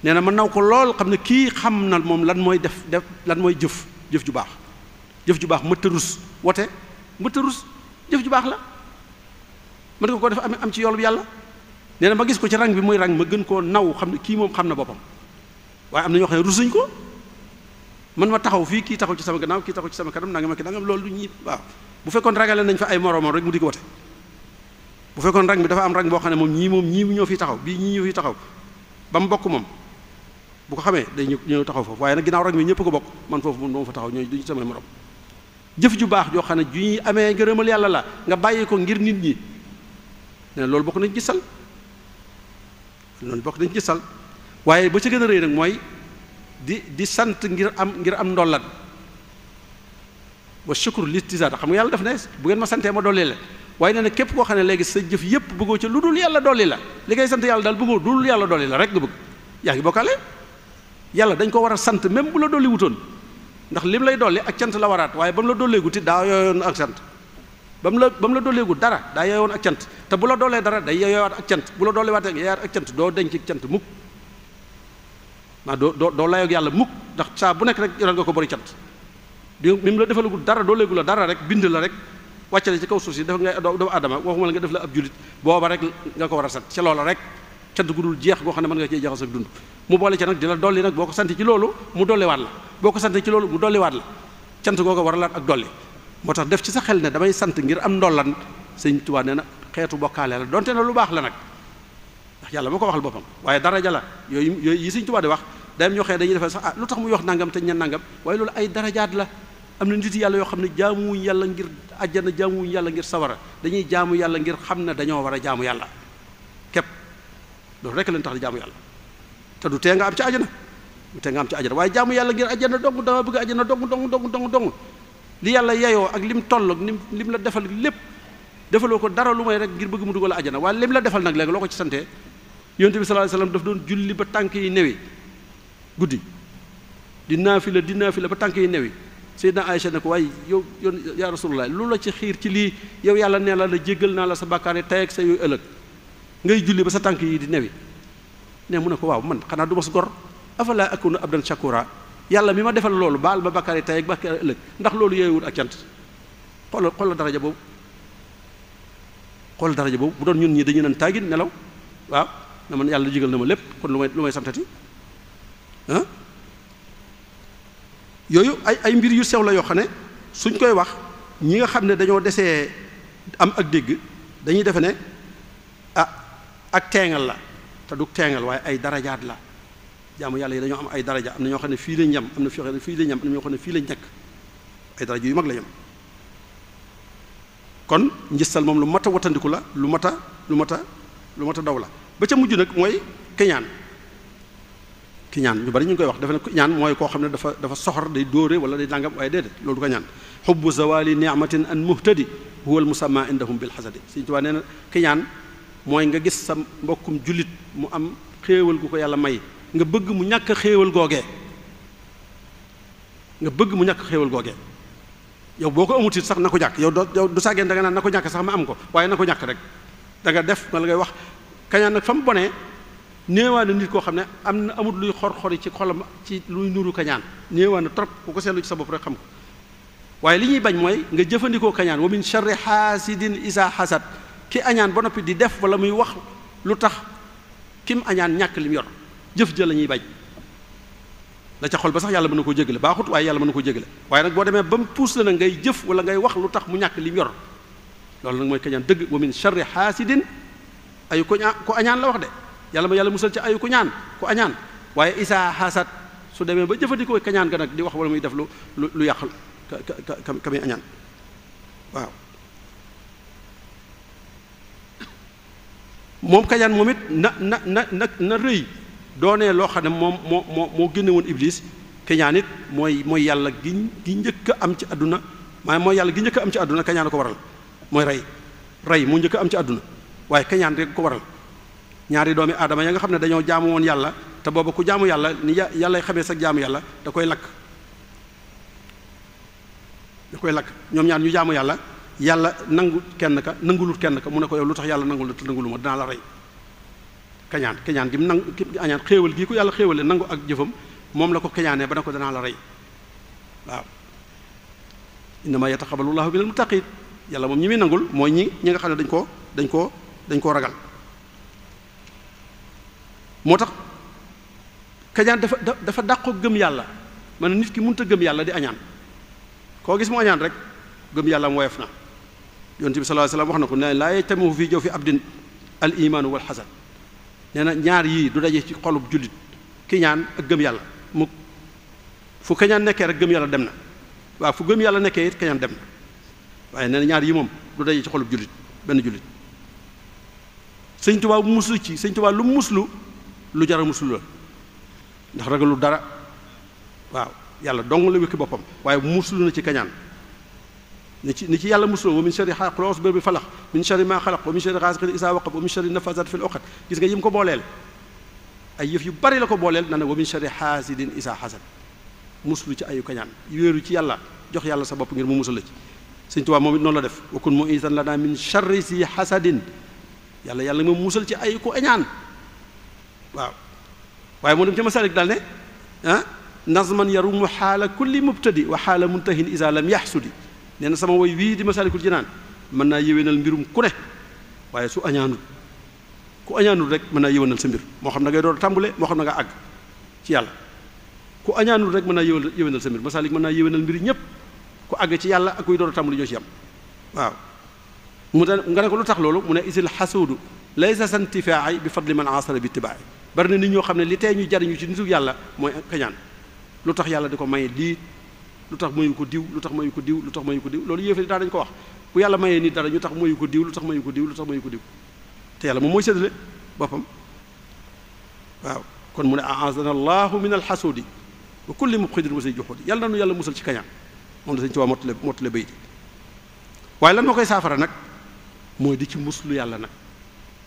nee na ma naw ko lool xam ne kii xam na moom lan mooy def def lan mooy jëf jëf ju baax jëf ju baax mëtt a rus wote mëtt a rus jëf ju baax la mën nga ko def am am ci yoolu ma gis ko ci rang bi muy rang ma gën koo naw xam ne kii moom xam na boppam waaye am na ñoo xam ne rusuñ ko man ma taxaw fii kii taxaw ci sama gannaaw kii taxaw ci sama kanam nangam ak nangam loolu du ñii waaw bu fekkoon ragale nañ fa ay moroomam rek mu di ko wote bu fekkoon rang bi dafa am rang boo xam ne moom ñii moom ñii ñoo fi taxaw bii ñii ñoo fi taxaw ba mu bokk moom bu ko xamee day ñëw taxaw foofu waaye nag ginnaaw rang mi ñëpp ko bokk man foofu moom doo fa taxaw ñooñu duñu samay morom jëf ju baax joo xam ne ju ñuy amee ngërëmal yàlla la nga bàyyi ko nit ñi ne loolu bokk nañ ci sal loolu bokk nañ ci sal waaye ba ca gën a rëy nag mooy di di sant ngir am ngir am ndollan wa shukru listizaada xam nga def ne bu ngeen ma santee ma dolli leen waaye nee na képp koo xam ne léegi sa jëf yépp bëggoo ca lu dul yàlla dolli la li ngay sant yàlla daal bëggoo lu dul yàlla dolli la rek nga bëgg yaa ngi bokkaale yàlla dañ ko war a sant même bu la dolli wutoon ndax lim lay dolli ak cant la waraat waaye ba mu la dolleegu ti daa yooyoon ak sant ba mu la ba mu la dolleegu dara daa yooyoon ak cant te bu la doolee dara day ak cant bu la doolee waatee yooyaat ak cant doo denc cant mukk maa doo doo doo layoog yàlla mukk ndax saa bu nekk rek yoral nga ko bori cant di ni mu la defalagul dara dooleegu dara rek bind la rek wàcc la ci kaw suuf si dafa ngay doomu aadama waxuma la nga def la ab julit booba rek nga ko war a sant ci loola rek cant gu jeex goo xam ne mën nga cee jaxas ak dund mu boole ci nag di la dolli nag boo ko sant ci loolu mu dolliwaat la boo ko sant ci loolu mu dolliwaat la cant googu war a laat ak dolli moo tax def ci sa xel ne damay sant ngir am ndollan sëñ Tuubaa nee na xeetu bokkaale la donte na lu baax la nag ndax yàlla moo ko waxal boppam waaye daraja la yooyu yooyu yi sëñ Tuubaa di wax dayam ñoo dañuy defal sax ah lu tax muy wax nangam te ñen nangam waaye loolu ay darajaat la am na nit yàlla yoo xam ne jaamuwuñ yàlla ngir àjjana jaamuwuñ yàlla ngir sawara dañuy jaamu yàlla ngir xam ne dañoo war a jaamu yàlla képp loolu rek leen tax di jaamu yàlla te du tee nga am ci àjjana du tee nga am ci àjjana waaye jaamu yàlla ngir àjjana dong dama bëgg ajana dong dong dong dong dong li yàlla yeyoo ak lim toll ak lim lim la defal lépp defaloo ko dara lu may rek ngir bëgg mu dugal àjjana waaye lim la defal nag léegi loo ko ci santee yonte bi sallallahu alayhi wasallam daf doon julli ba tànk yi newi guddi di naafila di naafila ba tànk yi newi Seydina Aïcha na ko waaye yow yow yaa rasulullah la ci xiir ci lii yow yàlla nee la la jéggal naa la sa bàkkaar yi tey ak sa yooyu ëllëg ngay julli ba sa tànk yi di newi ne mu ne ko waaw man xanaa du ma su gor afala akunu abdan shakura yàlla bi ma defal loolu baal ma bàkkaar yi tey ak bàkkaar ëllëg ndax loolu yeewul ak cant xoolal xoolal daraja boobu xool daraja boobu bu doon ñun ñi dañu naan tàggin nelaw waaw na man yàlla jégal na ma lépp kon lu may lu may santati yooyu ay ay mbir yu sew la yoo xam ne suñ koy wax ñi nga xam ne dañoo desee am ak dégg dañuy defe ne ah, ak teengal la te du teengal waaye ay darajaat la jaamu yàlla yi dañoo am ay daraja am na ñoo xam ne fii lañ yem am na fii fii lañ yem am na ñoo xam ne fii lañ nekk ay daraja yu mag la yem kon njistal moom lu mat a watandiku la lu mat a lu mat a lu mat a daw la ba ca mujj nag mooy keñaan ki ñaan ñu bari ñu ngi koy wax dafa ne ñaan mooy koo xam ne dafa dafa soxor day dóore wala day nangam waaye déedéet loolu du ko ñaan xubbu zawali ni'matin an muhtadi huwa al musamma indahum bil xasadi Sëriñ Tuubaa nee na ki ñaan mooy nga gis sa mbokkum jullit mu am xéewal gu ko yàlla may nga bëgg mu ñàkk xéewal googee nga bëgg mu ñàkk xéewal googee yow boo ko amut it sax na ko ñàkk yow do yow du sàggeen naan na ko ñàkk sax ma am ko waaye na ko ñàkk rek da def nga la ngay wax kañaan nag fa mu bonee néewaa nit koo xam ne am na amut luy xor yi ci xolam ci luy nuru kañaan néewaa na trop ku ko seetlu ci sa bopp rek xam ko waaye li ñuy bañ mooy nga jëfandikoo kañaan wa min sharri xaasidin isa xasad ki añaan ba noppi di def wala muy wax lu tax kim añaan ñàkk lim yor jëf jë la ñuy bañ la ca xol ba sax yàlla mën na ko koo la baaxut waaye yàlla mën na koo jégale waaye nag boo demee ba mu puus la nag ngay jëf wala ngay wax lu tax mu ñàkk lim yor loolu nag mooy kañaan dëgg wa min sharri xaasidin ay ko añaan la wax de yàlla ma yàlla musal ci ayu ku ñaan ku añaan waaye isaa xaasat su demee ba jëfandikoo kañaan ga nag di wax wala muy def lu lu lu yàq ka añaan waaw moom kañaan moom it na na na rëy doonee loo xam ne moom moo moo moo génne woon iblis kañaan it mooy mooy yàlla gi gi njëkk am ci àdduna maanaam mooy yàlla gi njëkk am ci àdduna kañaan ko waral mooy rey rey mu njëkk am ci àdduna waaye kañaan rek ko waral ñaari doomi aadama ya nga xam ne dañoo jaamu woon yàlla te booba ku jaamu yàlla ni yàllay xamee sa jaamu yàlla da koy lakk da koy lakk ñoom ñaar ñu jaamu yàlla yàlla nangu kenn ka nangulut kenn ka mu ne ko yow lu tax yàlla nangul la te nangulu ma dinaa la rey kañaan kañaan gi mu nangu añaan xéewal gii ko yàlla xéewale nangu ak jëfam moom la ko kañaanee ba ne ko danaa la rey waaw innama yataqabbalu llaahu minal muttaqiin yàlla moom ñi muy nangul mooy ñi ñi nga xam ne dañ koo dañ koo dañ koo ragal moo tax kañaan dafa dafa dàqoo gëm yàlla man nit ki mënut a gëm yàlla di añaan koo gis mu añaan rek gëm yàlla mu woyof na yonent bi sallallahu wax na ko ne laa yajtamiu fii jawfi abdin al imaanu wal xasan nee na ñaar yii du daje ci xolub jullit ki gëm yàlla mu nekkee rek gëm yàlla dem na waaw fu gëm yàlla nekkee it kañaan waaye nee ñaar yi moom du daje ci xolub jullit benn jullit sëñ muslu ci sëñ Tuubaa lu muslu lu jar a musul la ndax ragalu dara waaw yàlla dong la wékki boppam waaye muslu na ci kañaan ni ci ni ci yàlla musuloo wa min sharri xaaqul wasbir bi falax min sharri maa xalaq wa min sharri xaasiqin isaa waqab wa min sharri nafasat ko booleel ay yëf yu bari la ko booleel na ne wa min sharri xaasidin isaa xasad muslu ci ayu kañaan wéeru ci yàlla jox yàlla sa bopp ngir mu musal la ci sëñ Tuubaa moom it noonu la def wa moo mu isan la naa min sharri si xasadin yàlla yàlla nga musal ci ayu ku añaan waaw waaye moo dem ca masalik daal ne ah nazman yarumu xaala kulli mubtadi wa xaala muntahin isa lam yaxsudi nee na sama woy wii di masalikul jinaan mën naa yéwénal mbirum ku ne waaye su añaanut ku añaanut rek mën naa yéwénal sa mbir moo xam na ngay door a tàmbule moo xam na nga àgg ci ku añaanul rek mën naa yéwénal yéwénal sa mbir masalik mën naa yéwénal mbir ñépp ku àgg ci yàlla ak kuy door a tàmbuli ñoo ci yam waaw mu daan nga ne ko lu tax loolu mu ne isil xasuudu laysa santifaai bi fadli man asara bi ittibaai bari na nit ñoo xam ne li tey ñu jariñu ci nitu yàlla mooy kañaan lu tax yàlla di ko maye lii lu tax mayu ko diw lu tax mayu ko diw lu tax mayu ko diw loolu yéefari daa dañu ko wax yàlla mayee nit dara ñu tax mayu ko diw lu tax mayu ko diw lu tax mayu ko diw te yàlla moom mooy séddale boppam waaw kon mu ne aazana allahu min alxasudi wa kulli mubxidin wa say joxudi yàlla nanu yàlla musal ci kañaan moom da sañ ci waa mottale mottale bayit waaye lan moo koy saafara nag mooy di ci muslu yàlla nag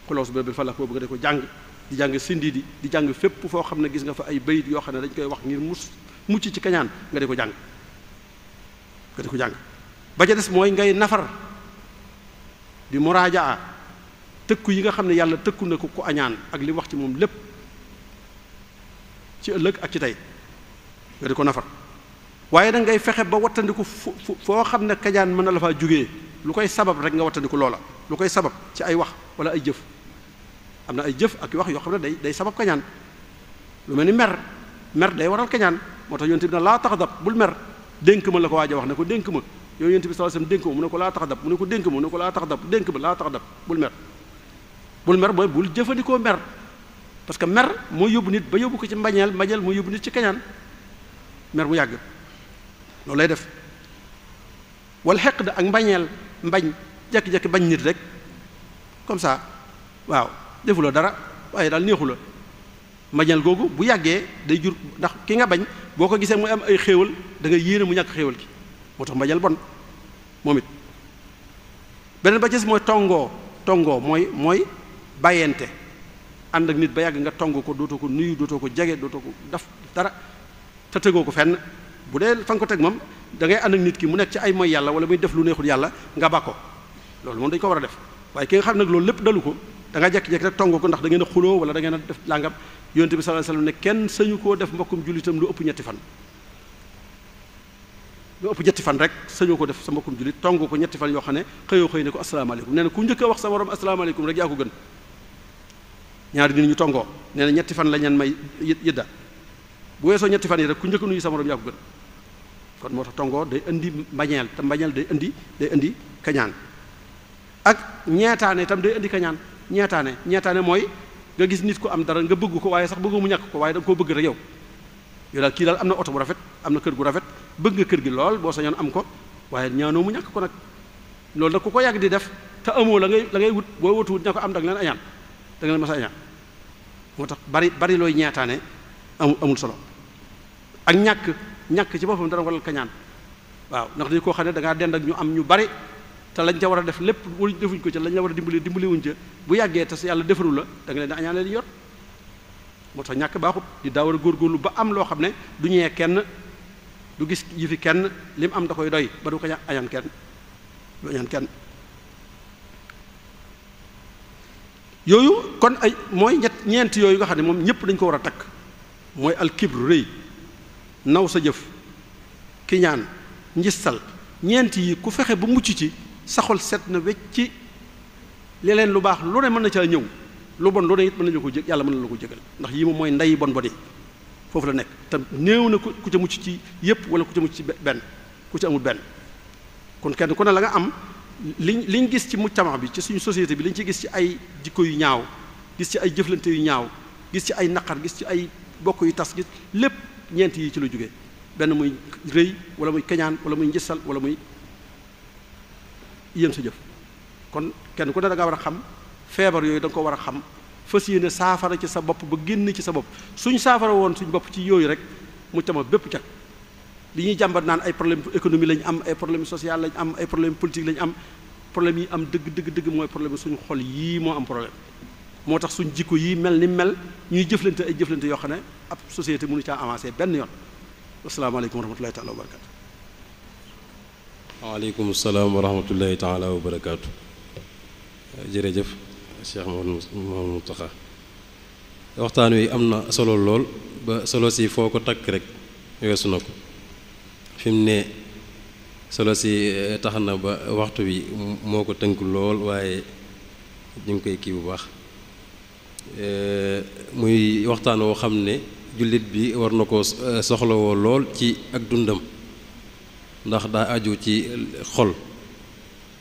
xuloosu bi rabbil ko jàng di jàng sindidi di jàng fépp foo xam ne gis nga fa ay bayit yoo xam ne dañ koy wax ngir mus mucc ci kañaan nga di ko jàng nga di ko jàng ba ca des mooy ngay nafar di muraajaa tëkku yi nga xam ne yàlla tëkku na ko ku añaan ak li wax ci moom lépp ci ëllëg ak ci tey nga di ko nafar waaye nag ngay fexe ba wattandiku foo xam ne kañaan mën na la fa jóge lu koy sabab rek nga wattandiku loola lu koy sabab ci ay wax wala ay jëf am na ay jëf ak wax yoo xam ne day day sabab kañaan lu mel ni mer mer day waral kañaan moo tax yonent bi na laa dab bul mer dénk ma la ko waaj a wax na ko dénk ma yow yonent bi sallallahu alayhi wasallam dénk ma mu ne ko laa taxadab mu ne ko dénk ma mu ko laa taxadab dénk ma laa taxadab bul mer bul mer mooy bul jëfandikoo mer parce que mer moo yóbbu nit ba yóbbu ko ci mbañeel mbañeel moo yóbbu nit ci kañaan mer mu yàgg loolu lay def wala xeq da ak mbañeel mbañ jekki-jekki bañ nit rek comme ça waaw defu dara waaye daal neexu la mbañal googu bu yàggee day jur ndax ki nga bañ boo ko gisee muy am ay xéewal da nga yéene mu ñàkk xéewal gi moo tax mbañal bon moom it beneen ba ci mooy tongoo tongoo mooy mooy bàyyente ànd ak nit ba yàgg nga tong ko dootoo ko nuyu dootoo ko jege dootoo ko def dara te tegoo ko fenn bu dee fa nga ko teg moom dangay ngay ànd ak nit ki mu nekk ci ay mooy yàlla wala muy def lu neexul yàlla nga bàkko loolu moom dañ ko war a def waaye ki nga xam nag loolu lépp dalu ko da nga jekki rek tong ko ndax da ngeen a xuloo wala da a def làngam yonent bi sallallahu alayhi wasallam ne kenn sañu koo def mbokkum tam lu ëpp ñetti fan lu ëpp ñetti fan rek sañoo ko def sa mbokkum jullit tong ko ñetti fan yoo xam ne xëyoo xëy ne ko asalaamaaleykum nee na ku njëkk a wax sa morom asalaamaaleykum rek yaa ko gën ñaari nit ñu tongoo nee ñetti fan la ñeen may yëdda bu weesoo ñetti fan yi rek ku njëkk a nuyu sa morom yaa ko gën kon moo tax tongoo day indi mbañeel te mbañeel day indi day indi kañaan ak ñeetaane itam day indi kañaan ñeetaane ñeetaane mooy nga gis nit ko am dara nga bëgg ko waaye sax bëgg mu ñàkk ko waaye da nga koo bëgg rek yow yow daal kii daal am na oto bu rafet am na kër gu rafet bëgg nga kër gi lool boo sañoon am ko waaye ñaanoo mu ñàkk ko nag loolu nag ku ko yàgg di def te amoo la ngay ngay wut boo wutuwut ña ko am da nga leen da nga leen moo tax bari bari looy ñeetaane amul amul solo ak ñàkk ñàkk ci boppam dara waral kañaan waaw ndax dañu koo xam ne da ngaa dend ak ñu am ñu bari te lañ ca war a def lépp waruñ defuñ ko ca lañ la war a dimbali dimbali wuñ ca bu yàggee te yàlla defaru la da nga leen di añaane di yor moo tax ñàkk baaxut di daa war a ba am loo xam ne du ñëwee kenn du gis yi fi kenn lim am da koy doy ba du ko añaan kenn du yooyu kon ay mooy ñett ñeent yooyu nga xam ne moom ñépp dañ ko war a takk mooy alkibru rëy naw sa jëf kiñaan njistal ñeent yi ku fexe bu mucc ci saxul set na wecci li leen lu baax lu ne mën na caa ñëw lu bon lu ne it mën nañu ko jeg yàlla mën na la ko jégal ndax yi moom mooy nday bon boni foofu la nekk te néew na ku ca mucc ci yépp wala ku ca mucc ci benn ku ca amul benn kon kenn ku ne la nga am liñ liñ gis ci mujtama bi ci suñu société bi liñ ci gis ci ay jikko yu ñaaw gis ci ay jëflante yu ñaaw gis ci ay naqar gis ci ay bokk yu tas gis lépp ñeent yi ci lu jógee benn muy rëy wala muy keñaan wala muy njësal wala muy yéem sa jëf kon kenn ku ne da nga war a xam feebar yooyu da nga ko war a xam fas yéene saafara ci sa bopp ba génn ci sa bopp suñ saafara woon suñ bopp ci yooyu rek mu tama bépp cat li ñuy jàmbat naan ay problème économie lañ am ay problème social lañ am ay problème politique lañ am problème yi am dëgg dëgg dëgg mooy problème suñu xol yii moo am problème moo tax suñ jikko yi mel ni mel ñuy jëflante ay jëflante yoo xam ne ab société mënu caa avancé benn yoon asalaamaaleykum wa rahmatullahi taala wa barakatu waaleykum salaam wa rahmatullahi taala wa jërëjëf Cheikh Mouhamadou waxtaan wi am na solo lool ba solo si foo ko takk rek weesu na ko fim ne solo si eh, tax na ba waxtu wi moo ko tënk lool waaye ñu ngi koy kii bu baax eh, muy waxtaan woo xam ne jullit bi war na ko eh, soxlawoo lool ci ak dundam ndax daa aju ci xol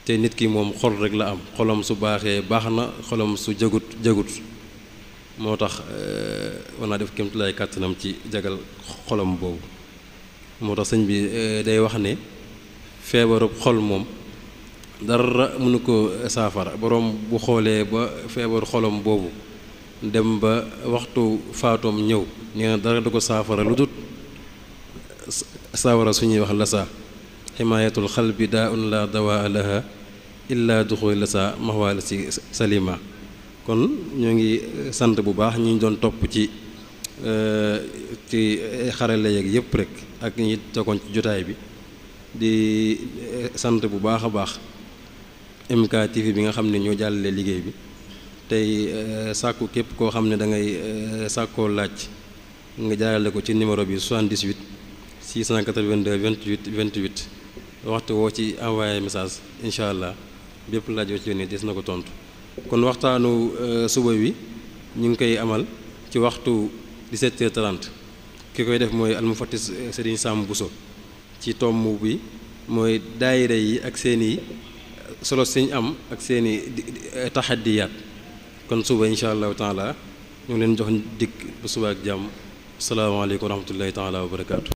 te nit ki moom xol rek la am xolam su baaxee baax na xolam su jagut jagut moo tax euh, war naa def kémtulaay kàttanam ci jagal xolam boobu moo tax sëñ bi euh, day wax ne feebaru xol moom dara mënu ko saafara boroom bu xoolee ba feebaru xolam boobu dem ba waxtu faatoom ñëw nee dara du ko saafara lu dut saafara suñuy wax la saa ximaayatul xalbi daa un la dawaa laha illa duxuli la sa maxwaala si salima kon ñoo ngi sant bu baax ñu ngi doon topp ci eh, ci xarala yeeg yëpp rek ak ñi tokkoon ci jotaay bi di eh, sant bu baax a baax MK TV bi nga xam ne ñoo jàllale liggéey bi tey eh, sàkku képp koo xam ne da ngay sàkkoo laaj nga jaarale ko ci numéro bi 78 682 28 28 waxtu woo ci envoyé message incha allah bépp laaj yoo ci des na ko tontu kon waxtaanu euh, suba wi ñu ngi koy amal ci waxtu 17h30 ki koy def mooy almufattis euh, Serigne Sam Bousso ci tomb bi mooy daayira yi ak seeni euh, solo siñ am ak seen i taxaddiyaat kon suba incha allahu taala ñu ngi leen jox dikk bu suba ak jàmm salaamaaleykum wa rahmatullahi taala wa barakaatu.